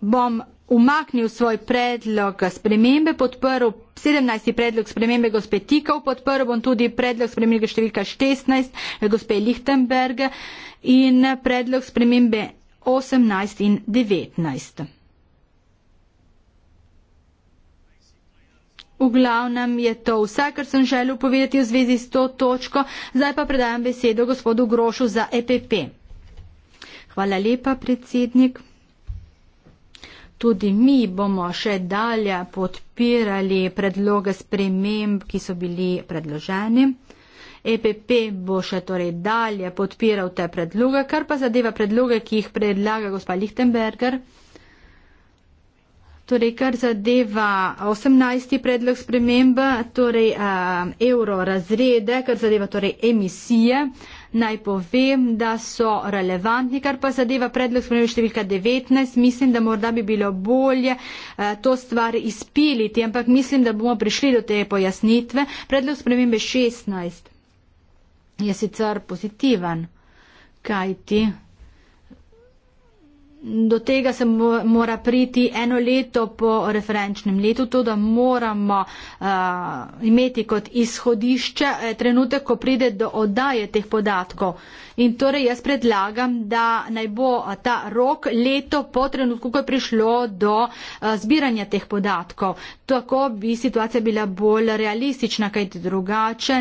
bom umaknil svoj predlog spremembe, podprl 17. predlog spremembe gospe Tikov, podprl bom tudi predlog spremembe številka 16 eh, gospe Lichtenberg in predlog spremembe 18 in 19. V glavnem je to vse, kar sem želel povedati v zvezi s to točko. Zdaj pa predajam besedo gospodu Grošu za EPP. Hvala lepa, predsednik. Tudi mi bomo še dalje podpirali predloge sprememb, ki so bili predloženi. EPP bo še torej dalje podpiral te predloge, kar pa zadeva predloge, ki jih predlaga gospod Lichtenberger. Torej, kar zadeva 18. predlog spremembe, torej uh, evro razrede, kar zadeva torej emisije, naj povem, da so relevantni, kar pa zadeva predlog spremembe številka 19, mislim, da morda bi bilo bolje uh, to stvar izpiliti, ampak mislim, da bomo prišli do te pojasnitve. Predlog spremembe 16 je sicer pozitiven, kaj ti do tega se mora priti eno leto po referenčnem letu, to, da moramo uh, imeti kot izhodišče eh, trenutek, ko pride do oddaje teh podatkov. In torej jaz predlagam, da naj bo ta rok leto po trenutku, ko je prišlo do uh, zbiranja teh podatkov. Tako bi situacija bila bolj realistična, kajti drugače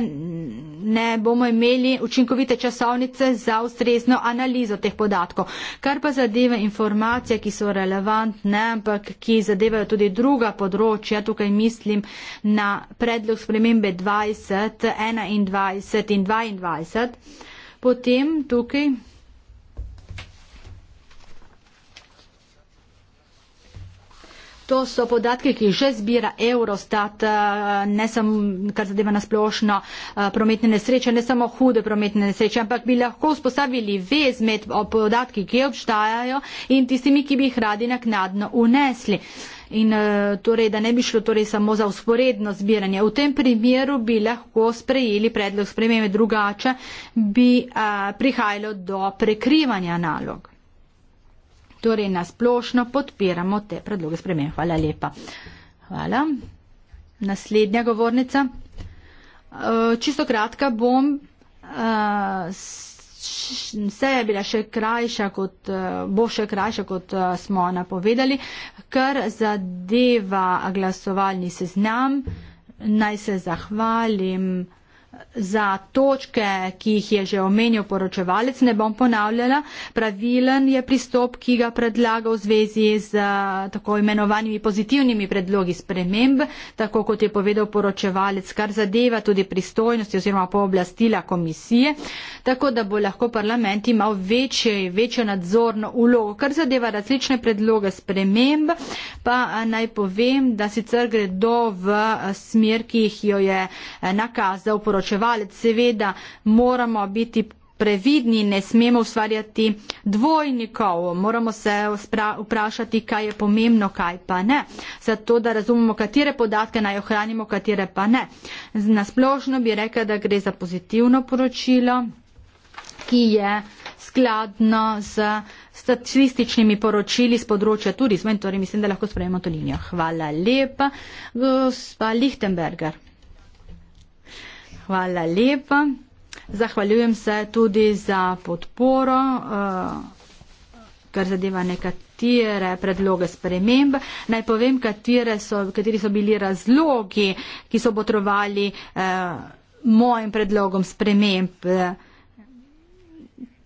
ne bomo imeli učinkovite časovnice za ustrezno analizo teh podatkov. Kar pa zadeve informacije, ki so relevantne, ampak ki zadevajo tudi druga področja, tukaj mislim na predlog spremembe 20, 21 in 22, potem tukaj. To so podatki, ki jih že zbira Eurostat, eh, ne samo kar zadeva nasplošno eh, prometne nesreče, ne samo hude prometne nesreče, ampak bi lahko vzpostavili vez med eh, podatki, ki obstajajo in tistimi, ki bi jih radi naknadno unesli. In torej, da ne bi šlo torej samo za usporedno zbiranje. V tem primeru bi lahko sprejeli predlog spremembe, drugače bi a, prihajalo do prekrivanja nalog. Torej, nasplošno podpiramo te predloge spremen. Hvala lepa. Hvala. Naslednja govornica. Eh, čisto kratka bom. Eh, vse je bila še krajša, kot, eh, bo še krajša, kot smo napovedali. Kar zadeva glasovalni seznam, naj se zahvalim za točke, ki jih je že omenil poročevalec, ne bom ponavljala. Pravilen je pristop, ki ga predlaga v zvezi z eh, tako imenovanimi pozitivnimi predlogi sprememb, tako kot je povedal poročevalec, kar zadeva tudi pristojnosti oziroma pooblastila komisije, tako da bo lahko parlament imel večje, večjo nadzorno ulogo, kar zadeva različne predloge sprememb, pa eh, naj povem, da sicer gre do v eh, smer, ki jih jo je nakazal poročevalec poročevalec, seveda moramo biti previdni, ne smemo ustvarjati dvojnikov, moramo se vprašati, kaj je pomembno, kaj pa ne, zato da razumemo, katere podatke naj ohranimo, katere pa ne. Nasplošno bi rekla, da gre za pozitivno poročilo, ki je skladno z statističnimi poročili z področja turizma in torej mislim, da lahko sprejemo to linijo. Hvala lepa, gospa Lichtenberger. Hvala lepa. Zahvaljujem se tudi za podporo, eh, kar zadeva nekatere predloge sprememb. Naj povem, so, kateri so bili razlogi, ki so potrovali eh, mojim predlogom sprememb.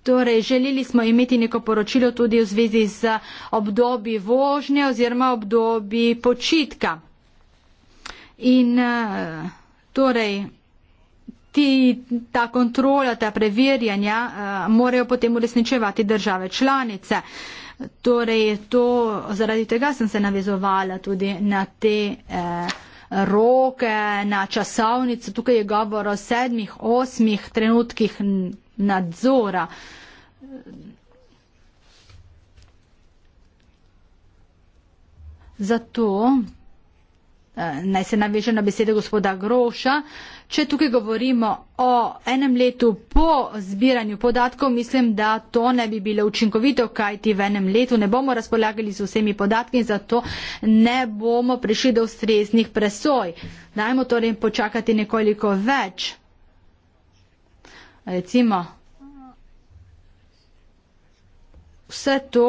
Torej, želeli smo imeti neko poročilo tudi v zvezi z obdobji vožnje oziroma obdobji počitka. In eh, torej, ti, ta kontrola, ta preverjanja eh, morajo potem uresničevati države članice. Torej, to, zaradi tega sem se navezovala tudi na te eh, roke, na časovnice. Tukaj je govor o sedmih, osmih trenutkih nadzora. Zato eh, naj se naveže na besede gospoda Groša, eh, Če tukaj govorimo o enem letu po zbiranju podatkov, mislim, da to ne bi bilo učinkovito, kajti v enem letu ne bomo razpolagali z vsemi podatki in zato ne bomo prišli do ustreznih presoj. Dajmo torej počakati nekoliko več. Recimo, vse to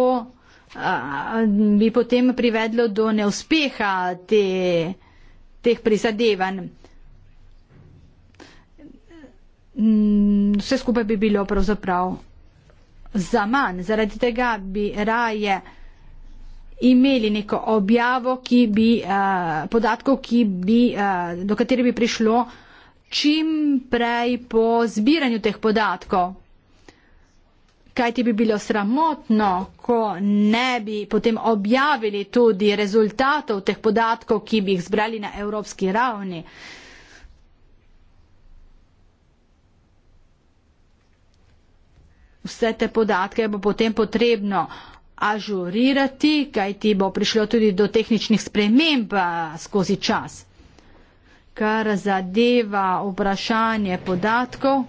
a, bi potem privedlo do neuspeha te, teh prizadevanj. Mm, vse skupaj bi bilo pravzaprav za manj. Zaradi tega bi raje imeli neko objavo, ki bi, eh, podatkov, ki bi, eh, do katere bi prišlo čim prej po zbiranju teh podatkov. Kaj ti bi bilo sramotno, ko ne bi potem objavili tudi rezultatov teh podatkov, ki bi jih zbrali na evropski ravni? Uh, vse te podatke bo potem potrebno ažurirati, kaj ti bo prišlo tudi do tehničnih sprememb skozi čas. Kar zadeva vprašanje podatkov,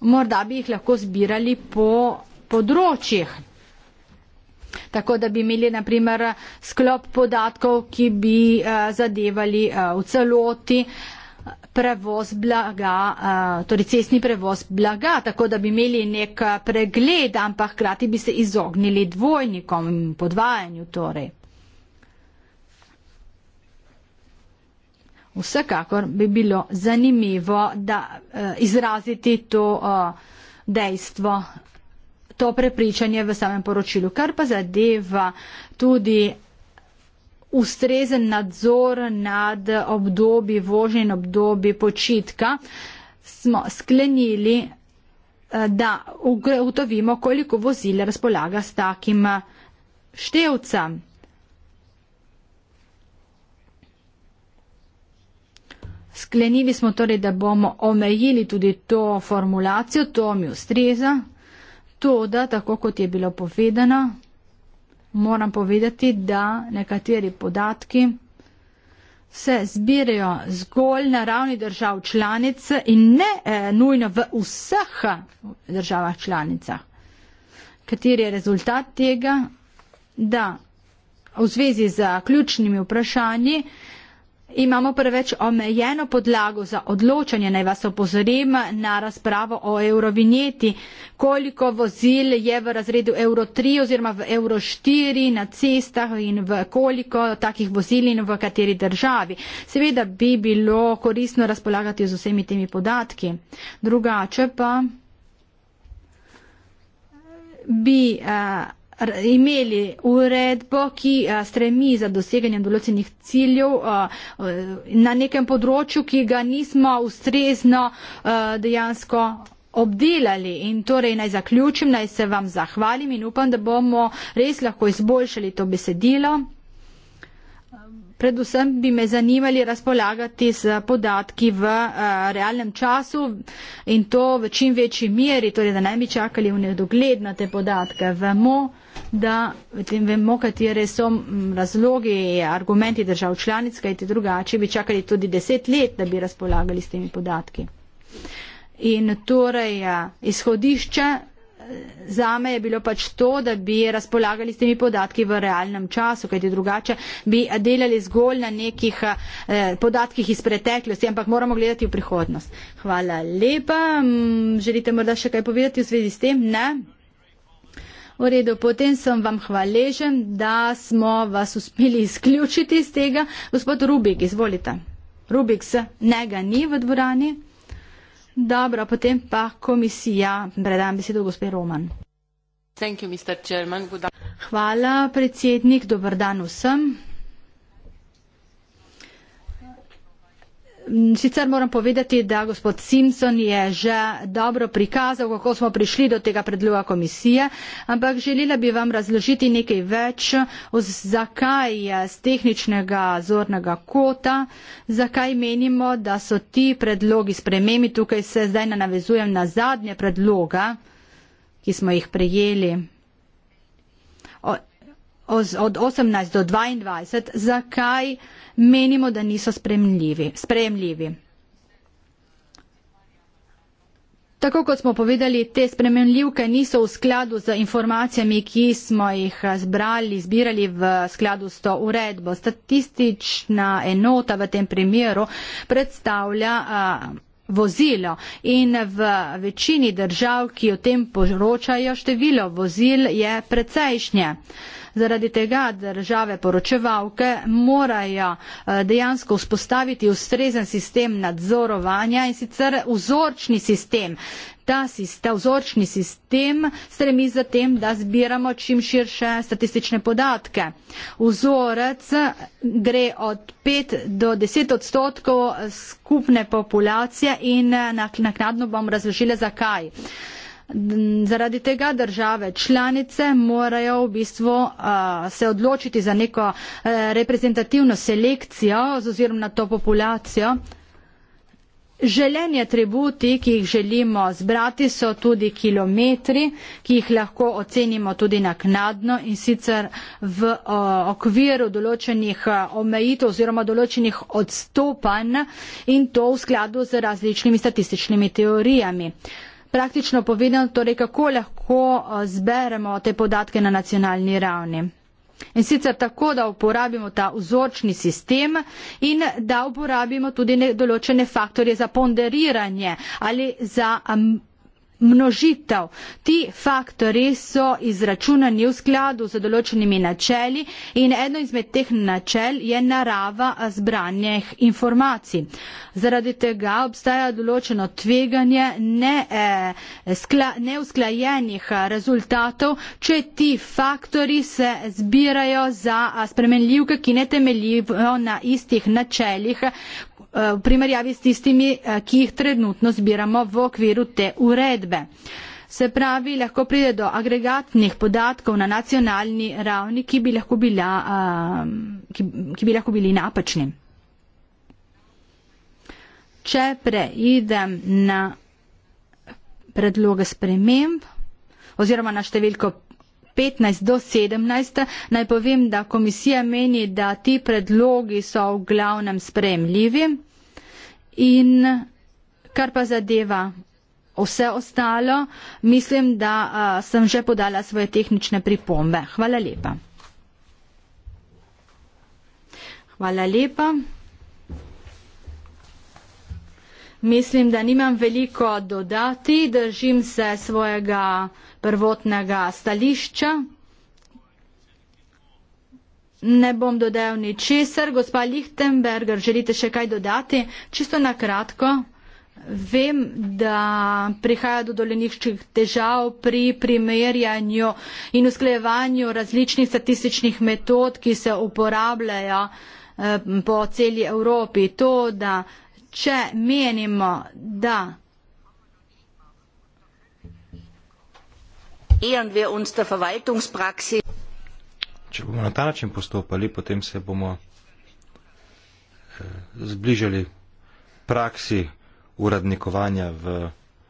morda bi jih lahko zbirali po področjih. Tako da bi imeli naprimer sklop podatkov, ki bi uh, zadevali uh, v celoti uh, prevoz blaga, torej cestni prevoz blaga, tako da bi imeli nek pregled, ampak hkrati bi se izognili dvojnikom in podvajanju. Torej. Vsekakor bi bilo zanimivo, da izraziti to dejstvo, to prepričanje v samem poročilu, kar pa zadeva tudi ustrezen nadzor nad obdobji vožnje in obdobji počitka, smo sklenili, eh, da ugotovimo, koliko vozil razpolaga s takim eh, števcem. Sklenili smo torej, da bomo omejili tudi to formulacijo, to mi ustreza, to da, tako kot je bilo povedano, moram povedati, da nekateri podatki se zbirajo zgolj na ravni držav članic in ne eh, nujno v vseh državah članicah. Kateri je rezultat tega, da v zvezi z ključnimi vprašanji eh, Imamo preveč omejeno podlago za odločanje. Naj vas opozorim na razpravo o eurovinjeti, koliko vozil je v razredu Euro 3 oziroma v Euro 4 na cestah in v koliko takih vozil in v kateri državi. Seveda bi bilo koristno razpolagati z vsemi temi podatki. Drugače pa bi. Uh, imeli uredbo, ki stremi za doseganjem določenih ciljev na nekem področju, ki ga nismo ustrezno dejansko obdelali. In torej naj zaključim, naj se vam zahvalim in upam, da bomo res lahko izboljšali to besedilo predvsem bi me zanimali razpolagati z podatki v eh, realnem času in to v čim večji meri, torej da ne bi čakali v nedogled na te podatke. Vemo, da vemo, katere so razlogi, argumenti držav članic, kajti drugače bi čakali tudi deset let, da bi razpolagali s temi podatki. In torej eh, izhodišče za me je bilo pač to, da bi razpolagali s temi podatki v realnem času, kajti drugače bi delali zgolj na nekih eh, podatkih iz preteklosti, ampak moramo gledati v prihodnost. Hvala lepa. Želite morda še kaj povedati v zvezi s tem? Ne? V redu, potem sem vam hvaležen, da smo vas uspeli izključiti iz tega. Gospod Rubik, izvolite. Rubik se, njega ni v dvorani. Dobro, potem pa komisija. Predam besedo gospe Roman. Thank you, Mr. Chairman. Hvala, predsednik. Dobar dan vsem. Sicer moram povedati, da gospod Simpson je že dobro prikazal, kako smo prišli do tega predloga komisije, ampak želela bi vam razložiti nekaj več, zakaj z tehničnega zornega kota, zakaj menimo, da so ti predlogi sprememi, tukaj se zdaj navezujem na zadnje predloga, ki smo jih prejeli od 18 do 22, zakaj menimo, da niso sprejemljivi. Tako kot smo povedali, te spremenljivke niso v skladu z informacijami, ki smo jih zbrali, zbirali v skladu s to uredbo. Statistična enota v tem primeru predstavlja a, vozilo in v večini držav, ki o tem požročajo, število vozil je precejšnje. A, Zaradi tega države poročevalke morajo eh, dejansko vzpostaviti ustrezen sistem nadzorovanja in sicer vzorčni sistem. Ta, ta vzorčni sistem stremi za tem, da zbiramo čim širše statistične podatke. Vzorec eh, gre od 5 do 10 odstotkov skupne populacije in eh, naknadno bom razložila, zakaj. Uh, zaradi tega države članice morajo v bistvu se odločiti za neko reprezentativno selekcijo oziroma na to populacijo. Želenje tributi, ki jih želimo zbrati, so tudi kilometri, ki jih lahko ocenimo tudi naknadno in sicer v okviru določenih omejitev oziroma določenih odstopanj in to v skladu z različnimi statističnimi teorijami praktično povedano, torej kako lahko eh, zberemo te podatke na nacionalni ravni. In sicer tako, da uporabimo ta vzorčni sistem in da uporabimo tudi določene faktorje za ponderiranje ali za. Um, množitev. Ti faktori so izračunani v skladu z določenimi načeli in eno izmed teh načel je narava zbranjeh informacij. Zaradi tega obstaja določeno tveganje eh, neusklajenih ne rezultatov, če ti faktori se zbirajo za spremenljivke, ki ne temeljijo na istih načelih, Eh, v primerjavi s tistimi, eh, ki jih trenutno zbiramo v okviru te uredbe. Se pravi, lahko pride do agregatnih podatkov na nacionalni ravni, ki bi lahko, bila, eh, ki, ki bi lahko bili napačni. Če preidem na predloge sprememb oziroma na številko 15 do 17, naj povem, da komisija meni, da ti predlogi so v glavnem spremljivi. In kar pa zadeva vse ostalo, mislim, da uh, sem že podala svoje tehnične pripombe. Hvala lepa. Hvala lepa. Mislim, da nimam veliko dodati, držim se svojega prvotnega stališča. Ne bom dodal ničesar, gospa Lichtenberger, želite še kaj dodati? Čisto na kratko. Vem, da prihaja do doleniških težav pri primerjanju in usklejevanju različnih statističnih metod, ki se uporabljajo eh, po celi Evropi. To, da če menimo, da Ehen wir uns der Verwaltungspraxis če bomo na ta način postopali, potem se bomo eh, zbližali praksi uradnikovanja v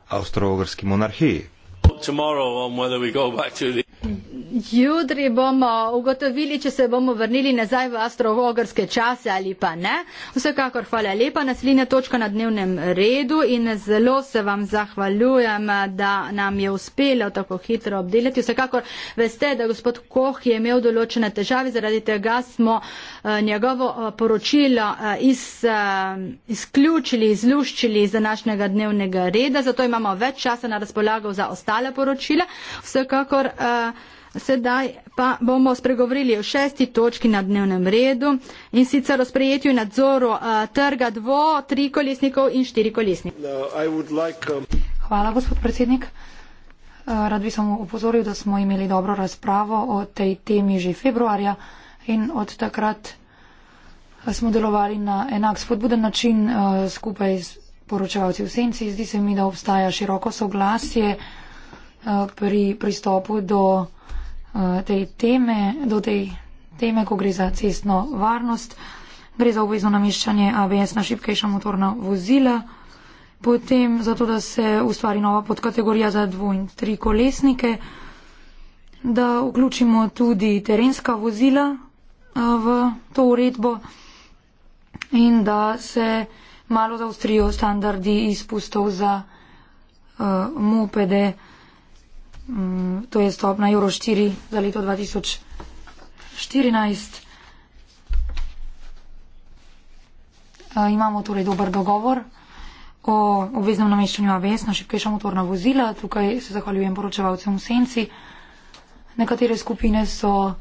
Avstro-Ogrski monarhiji. Tomorrow on whether we go back to the Jutri bomo ugotovili, če se bomo vrnili nazaj v astrologarske čase ali pa ne. Vsekakor hvala lepa, naslednja točka na dnevnem redu in zelo se vam zahvaljujem, da nam je uspelo tako hitro obdelati. Vsekakor veste, da gospod Koh je imel določene težave, zaradi tega smo eh, njegovo eh, poročilo eh, iz, izključili, izluščili iz današnjega dnevnega reda, zato imamo več časa na razpolago za ostale poročila. Vsekakor, Sedaj pa bomo spregovorili o šesti točki na dnevnem redu in sicer o sprejetju nadzoru uh, trga dvo, tri kolesnikov in štiri kolesnikov. Uh, like, um... Hvala, gospod predsednik. Eh, rad bi samo upozoril, da smo imeli dobro razpravo o tej temi že februarja in od takrat eh, smo delovali na enak spodbuden način skupaj s poročevalci v senci. Zdi se mi, da obstaja široko soglasje pri pristopu do Eh, tej teme, do tej teme, ko gre za cestno varnost. Gre za obvezno nameščanje ABS na šipkejša motorna vozila, potem za to, da se ustvari nova podkategorija za dvo in tri kolesnike, da vključimo tudi terenska vozila eh, v to uredbo in da se malo zaustrijo standardi izpustov za uh, mopede. Mm, to je stopna Euro 4 za leto 2014. Imamo torej dober dogovor o obveznem nameščanju AVS na šipkejša motorna vozila. Tukaj se zahvaljujem poročevalcem v senci. Nekatere skupine so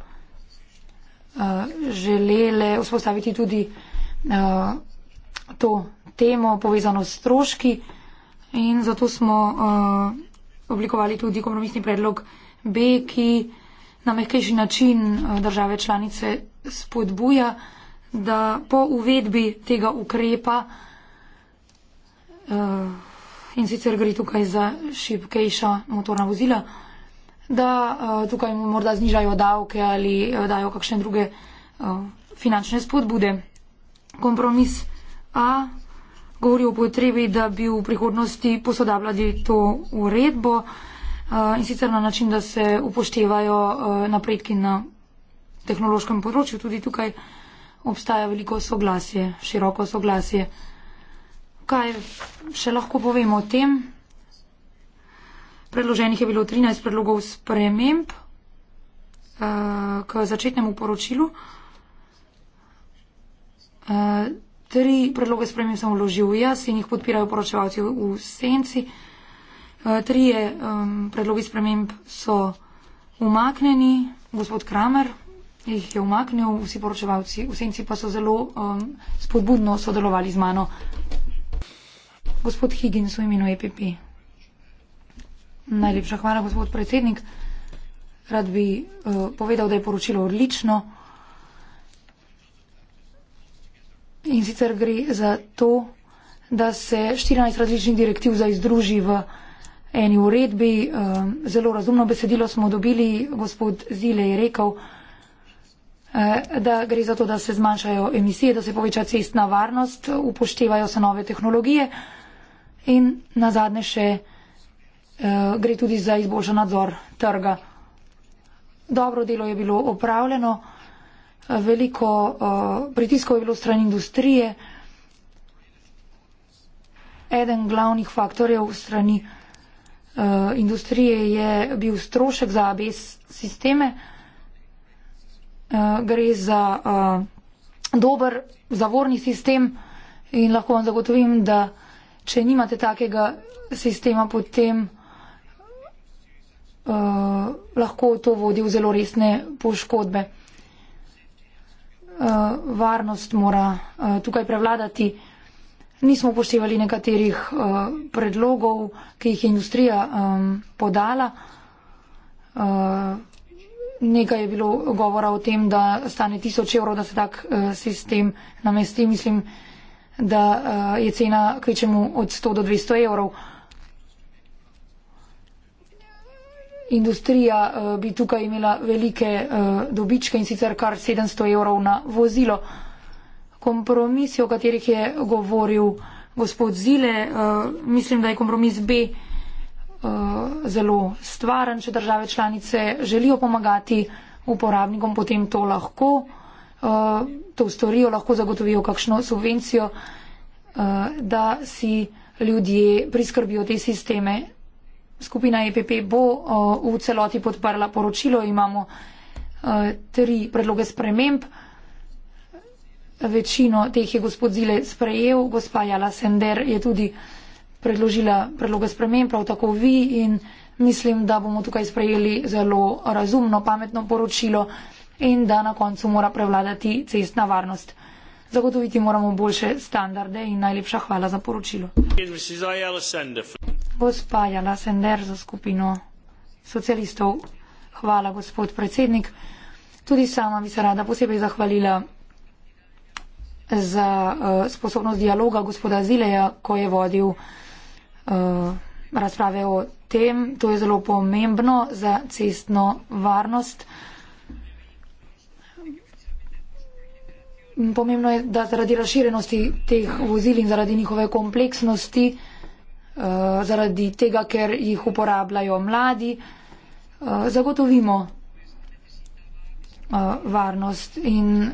želele vzpostaviti tudi to temo povezano s stroški in zato smo oblikovali tudi kompromisni predlog B, ki na mehkejši način eh, države članice spodbuja, da po uvedbi tega ukrepa eh, in sicer gre tukaj za šibkejša motorna vozila, da eh, tukaj morda znižajo davke ali dajo kakšne druge finančne spodbude. Kompromis A govori o potrebi, da bi v prihodnosti posodabljali to uredbo eh, in sicer na način, da se upoštevajo eh, napredki na tehnološkem področju. Tudi tukaj obstaja veliko soglasje, široko soglasje. Kaj še lahko povemo o tem? Predloženih je bilo 13 predlogov sprememb eh, k začetnemu poročilu tri predloge spremem sem vložil jaz in jih podpirajo poročevalci v senci. Eh, trije um, predlogi sprememb so umaknjeni, gospod Kramer jih je umaknil, vsi poročevalci v senci pa so zelo um, spodbudno sodelovali z mano. Gospod Higgins v imenu EPP. Najlepša hvala, gospod predsednik. Rad bi uh, povedal, da je poročilo odlično. In sicer gre za to, da se 14 različnih direktiv zdaj združi v eni uredbi. Ehm, zelo razumno besedilo smo dobili, gospod Zile je rekel, eh, da gre za to, da se zmanjšajo emisije, da se poveča cestna varnost, upoštevajo se nove tehnologije in na zadnje še eh, gre tudi za izboljšan nadzor trga. Dobro delo je bilo opravljeno veliko eh, pritiskov je bilo strani industrije. Eden glavnih faktorjev strani eh, industrije je bil strošek za ABS sisteme. Eh, gre za dober zavorni sistem in lahko vam zagotovim, da če nimate takega sistema, potem lahko to vodi v zelo resne poškodbe uh, varnost mora uh, tukaj prevladati. Nismo upoštevali nekaterih uh, predlogov, ki jih je industrija um, podala. Uh, nekaj je bilo govora o tem, da stane tisoč evrov, da se tak uh, sistem namesti. Mislim, da uh, je cena kvečemu od 100 do 200 evrov. Uh, industrija uh, bi tukaj imela velike uh, dobičke in sicer kar 700 evrov na vozilo. Kompromisi, o katerih je govoril gospod Zile, uh, mislim, da je kompromis B uh, zelo stvaren, če države članice želijo pomagati uporabnikom, potem to lahko, uh, to storijo, lahko zagotovijo kakšno subvencijo, uh, da si ljudje priskrbijo te sisteme skupina EPP bo v celoti podprla poročilo. Imamo tri predloge sprememb. Večino teh je gospod Zile sprejel, gospa Jala Sender je tudi predložila predloge sprememb, prav tako vi in mislim, da bomo tukaj sprejeli zelo razumno, pametno poročilo in da na koncu mora prevladati cestna varnost. Zagotoviti moramo boljše standarde in najlepša hvala za poročilo bo spajala sender za skupino socialistov. Hvala, gospod predsednik. Tudi sama bi se rada posebej zahvalila za uh, sposobnost dialoga gospoda Zileja, ko je vodil uh, razprave o tem. To je zelo pomembno za cestno varnost. Pomembno je, da zaradi razširenosti teh vozil in zaradi njihove kompleksnosti uh, Eh, zaradi tega, ker jih uporabljajo mladi, eh, zagotovimo eh, varnost. In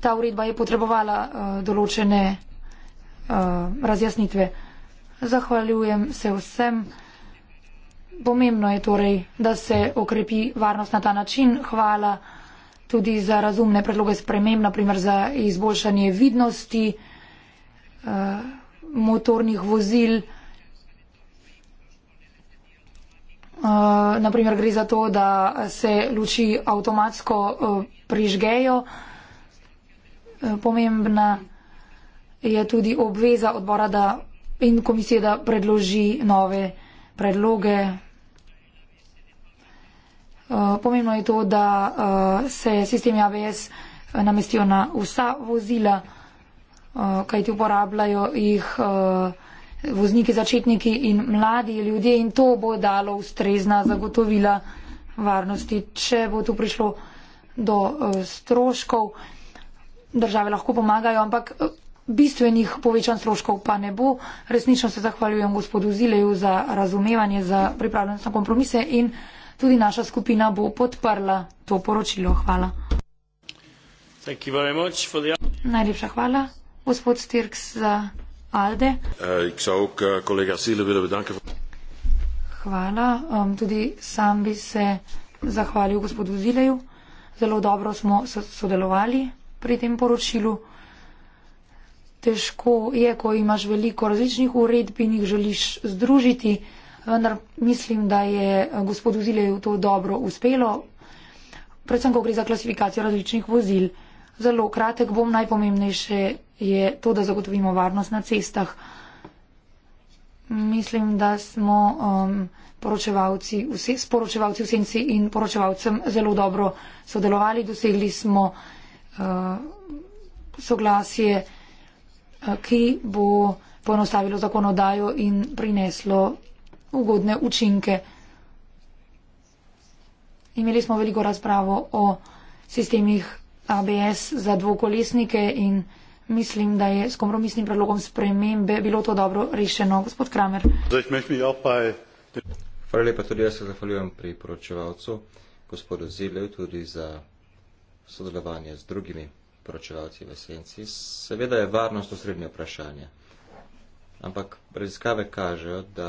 ta uredba je potrebovala določene razjasnitve. Zahvaljujem se vsem. Pomembno je torej, da se okrepi varnost na ta način. Hvala tudi za razumne predloge sprememb, naprimer za izboljšanje vidnosti motornih vozil. Eh, naprimer gre za to, da se luči avtomatsko eh, prižgejo. Eh, pomembna je tudi obveza odbora da, in komisije, da predloži nove predloge. Pomembno je to, da se sistemi ABS namestijo na vsa vozila, kajti uporabljajo jih vozniki začetniki in mladi ljudje in to bo dalo ustrezna zagotovila varnosti. Če bo tu prišlo do eh, stroškov, države lahko pomagajo, ampak eh, bistvenih povečan stroškov pa ne bo. Resnično se zahvaljujem gospodu Zileju za razumevanje, za pripravljenost na kompromise in tudi naša skupina bo podprla to poročilo. Hvala. Najlepša hvala, gospod Stirks, za. Alde. Eh, eh, Hvala. Um, tudi sam bi se zahvalil gospodu Zileju. Zelo dobro smo sodelovali pri tem poročilu. Težko je, ko imaš veliko različnih uredb in jih želiš združiti, vendar mislim, da je eh, gospodu Zileju to dobro uspelo, predvsem, ko gre za klasifikacijo različnih vozil. Zelo kratek bom, najpomembnejše je to, da zagotovimo varnost na cestah. Mislim, da smo um, poročevalci, vse, poročevalci v senci in poročevalcem zelo dobro sodelovali, dosegli smo uh, soglasje, uh, ki bo poenostavilo zakonodajo in prineslo ugodne učinke. Imeli smo veliko razpravo o sistemih ABS za dvokolesnike in mislim, da je s kompromisnim predlogom spremembe bilo to dobro rešeno, gospod Kramer. Ja, Hvala lepa, tudi jaz se zahvaljujem pri poročevalcu, gospodu Zilev, tudi za sodelovanje z drugimi poročevalci v esenci. Seveda je varnost osrednje vprašanje, ampak raziskave kažejo, da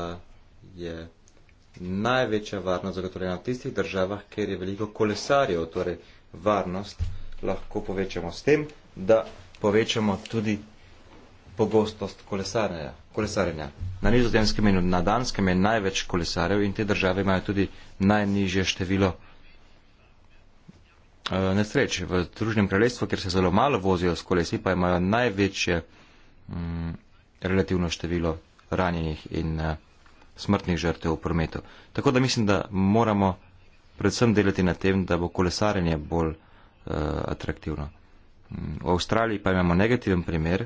je največja varnost zagotovljena v tistih državah, kjer je veliko kolesarjev, torej varnost lahko povečamo s tem, da povečamo tudi pogostost kolesarjenja. kolesarjenja. Na nizozemskem in na danskem je največ kolesarjev in te države imajo tudi najnižje število e, nesreč. V družnem kraljestvu, kjer se zelo malo vozijo s kolesi, pa imajo največje mm, relativno število ranjenih in uh, smrtnih žrtev v prometu. Tako da mislim, da moramo predvsem delati na tem, da bo kolesarjenje bolj. Eh, atraktivno. V Avstraliji pa imamo negativen primer.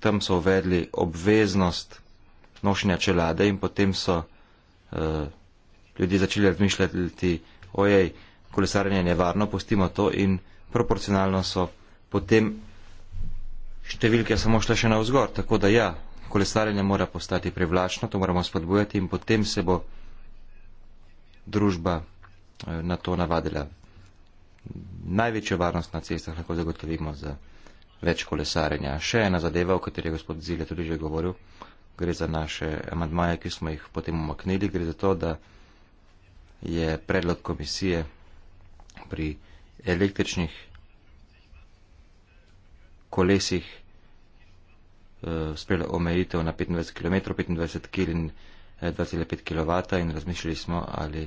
Tam so uvedli obveznost nošenja čelade in potem so uh, ljudje začeli razmišljati, ojej, kolesarjenje je nevarno, pustimo to in proporcionalno so potem številke samo šle še na vzgor. Tako da ja, kolesarjenje mora postati privlačno, to moramo spodbujati in potem se bo družba uh, na to navadila največjo varnost na cestah lahko zagotovimo z več kolesarenja. Še ena zadeva, o kateri je gospod Zile tudi že govoril, gre za naše amadmaje, ki smo jih potem umaknili, gre za to, da je predlog komisije pri električnih kolesih uh, sprejela omejitev na 25 km, 25 kg in 2,5 eh, kW in razmišljali smo, ali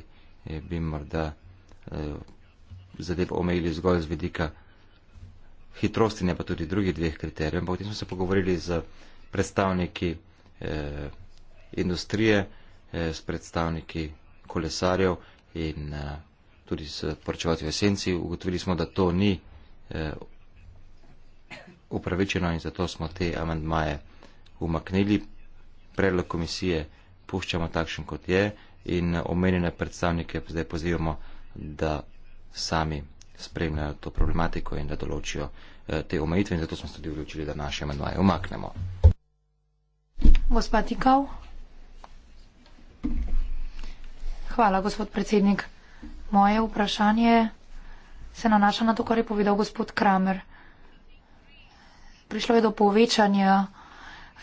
bi morda uh, zadev omejili zgolj z vidika hitrosti, ne pa tudi drugih dveh kriterijev. Potem smo se pogovorili z predstavniki eh, industrije, eh, s predstavniki kolesarjev in eh, tudi s poročevati v esenci. Ugotovili smo, da to ni eh, upravičeno in zato smo te amandmaje umaknili. Predlog komisije puščamo takšen, kot je in omenjene predstavnike zdaj pozivamo, da sami spremljajo to problematiko in da določijo eh, te omejitve in zato smo se tudi vljučili, da naše manjvaje umaknemo. Gospod Tikal. Hvala, gospod predsednik. Moje vprašanje se nanaša na to, kar je povedal gospod Kramer. Prišlo je do povečanja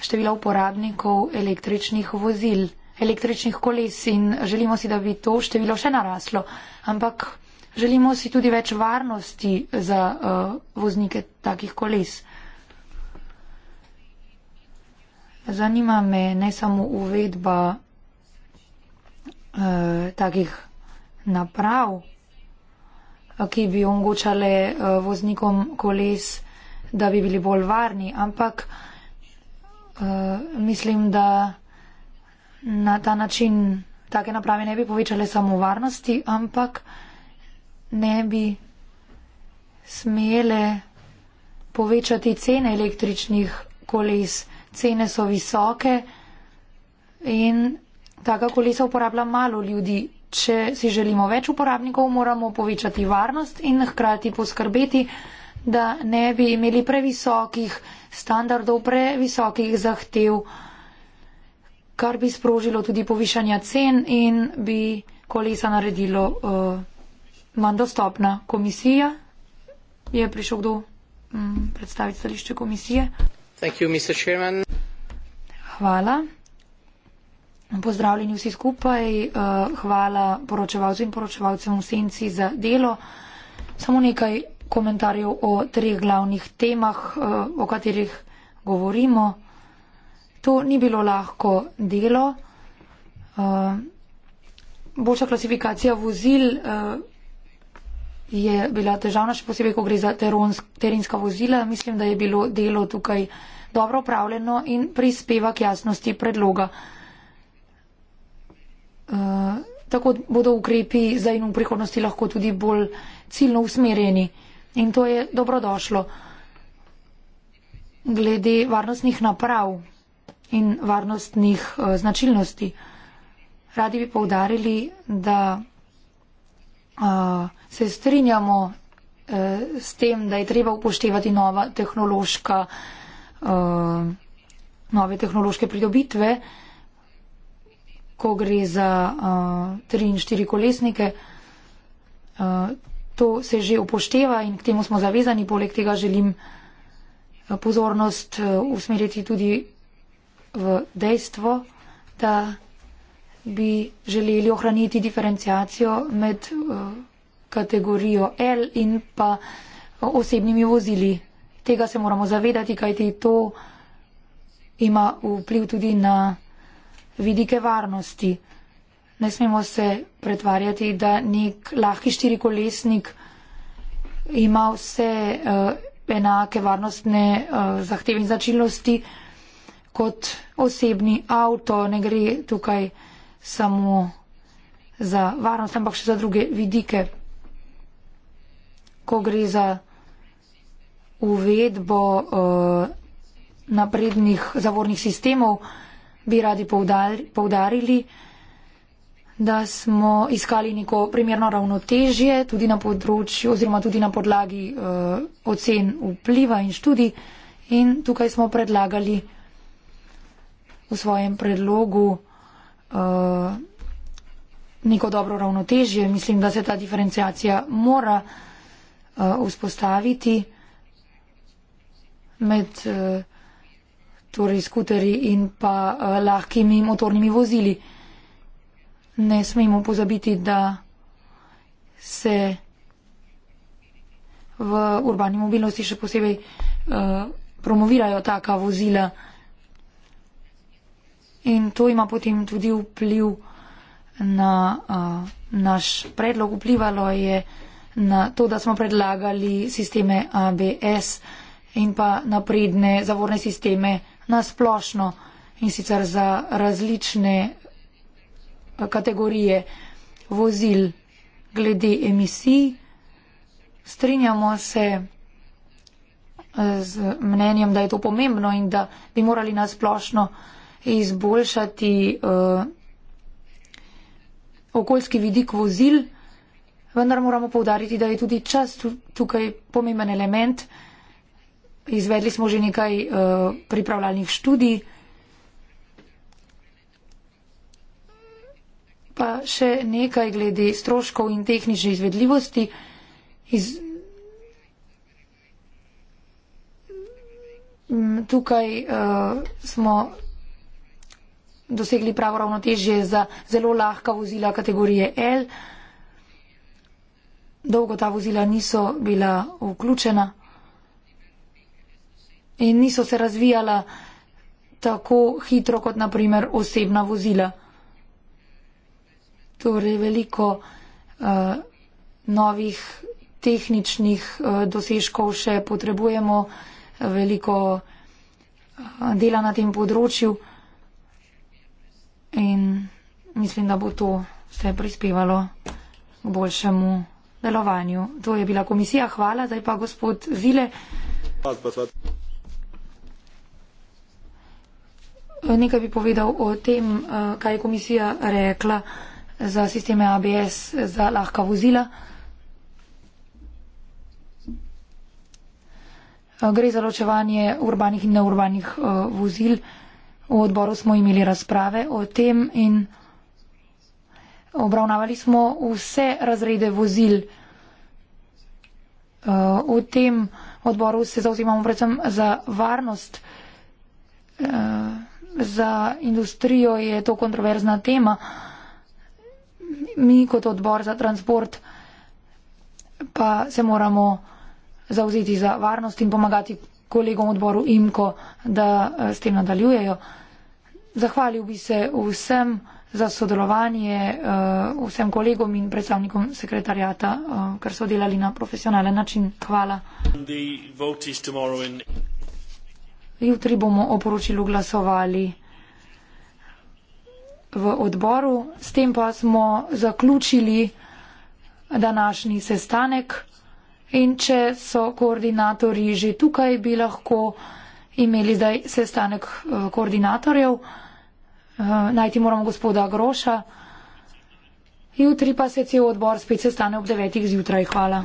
števila uporabnikov električnih vozil, električnih koles in želimo si, da bi to število še naraslo, ampak Želimo si tudi več varnosti za uh, voznike takih koles. Zanima me ne samo uvedba uh, takih naprav, eh, ki bi omogočale uh, voznikom koles, da bi bili bolj varni, ampak uh, mislim, da na ta način take naprave ne bi povečale samo varnosti, ampak uh, ne bi smele povečati cene električnih koles. Cene so visoke in taka kolesa uporablja malo ljudi. Če si želimo več uporabnikov, moramo povečati varnost in hkrati poskrbeti, da ne bi imeli previsokih standardov, previsokih zahtev, kar bi sprožilo tudi povišanja cen in bi kolesa naredilo. Uh, manj dostopna. Komisija je prišel kdo m, mm, predstaviti stališče komisije. You, Hvala. Pozdravljeni vsi skupaj. Eh, hvala poročevalcem in poročevalcem v senci za delo. Samo nekaj komentarjev o treh glavnih temah, eh, o katerih govorimo. To ni bilo lahko delo. Eh, boljša klasifikacija vozil je bila težavna, še posebej, ko gre za teronsk, terinska vozila. Mislim, da je bilo delo tukaj dobro upravljeno in prispeva k jasnosti predloga. Uh, tako bodo ukrepi zdaj in v prihodnosti lahko tudi bolj ciljno usmerjeni. In to je dobrodošlo. Glede varnostnih naprav in varnostnih uh, značilnosti. Radi bi poudarili, da uh, se strinjamo eh, s tem, da je treba upoštevati nova tehnološka, eh, nove tehnološke pridobitve, ko gre za eh, tri in štiri kolesnike. Eh, to se že upošteva in k temu smo zavezani. Poleg tega želim eh, pozornost eh, usmeriti tudi v dejstvo, da bi želeli ohraniti diferencijacijo med. Eh, kategorijo L in pa osebnimi vozili. Tega se moramo zavedati, kajti to ima vpliv tudi na vidike varnosti. Ne smemo se pretvarjati, da nek lahki štirikolesnik ima vse uh, enake varnostne uh, zahteve in značilnosti kot osebni avto. Ne gre tukaj samo za varnost, ampak še za druge vidike ko gre za uvedbo uh, naprednih zavornih sistemov, bi radi poudari, poudarili, da smo iskali neko primerno ravnotežje tudi na področju oziroma tudi na podlagi uh, ocen vpliva in študij in tukaj smo predlagali v svojem predlogu uh, neko dobro ravnotežje. Mislim, da se ta diferencijacija mora vzpostaviti med e, torej, skuterji in pa e, lahkimi motornimi vozili. Ne smemo pozabiti, da se v urbani mobilnosti še posebej e, promovirajo taka vozila. In to ima potem tudi vpliv na uh, naš predlog. Vplivalo je uh, na to, da smo predlagali sisteme ABS in pa napredne zavorne sisteme na splošno in sicer za različne eh, kategorije vozil glede emisij. Strinjamo se eh, z mnenjem, da je to pomembno in da bi morali na splošno izboljšati uh, okoljski vidik vozil. Vendar moramo povdariti, da je tudi čas tukaj pomemben element. Izvedli smo že nekaj uh, pripravljalnih študij. Pa še nekaj glede stroškov in tehnične izvedljivosti. Iz... Tukaj uh, smo dosegli pravo ravnotežje za zelo lahka vozila kategorije L. Uh, dolgo ta vozila niso bila vključena in niso se razvijala tako hitro kot naprimer osebna vozila. Torej veliko uh, novih tehničnih uh, dosežkov še potrebujemo, veliko uh, dela na tem področju in mislim, da bo to vse prispevalo k boljšemu delovanju. To je bila komisija. Hvala. Zdaj pa gospod Zile. Nekaj bi povedal o tem, eh, kaj je komisija rekla za sisteme ABS za lahka vozila. Eh, gre za ločevanje urbanih in neurbanih eh, vozil. V odboru smo imeli razprave o tem in. Obravnavali smo vse razrede vozil. Eh, v tem odboru se zauzemamo predvsem za varnost. Eh, za industrijo je to kontroverzna tema. Mi kot odbor za transport pa se moramo zauzeti za varnost in pomagati kolegom odboru IMKO, da eh, s tem nadaljujejo. Zahvalil bi se vsem za sodelovanje uh, vsem kolegom in predstavnikom sekretarjata, uh, eh, ker so delali na profesionalen način. Hvala. In... Jutri bomo o poročilu glasovali v odboru. S tem pa smo zaključili današnji sestanek. In če so koordinatorji že tukaj, bi lahko imeli zdaj sestanek eh, koordinatorjev. Eh, najti moramo gospoda Groša. Jutri pa se cel odbor spet sestane ob devetih zjutraj. Hvala.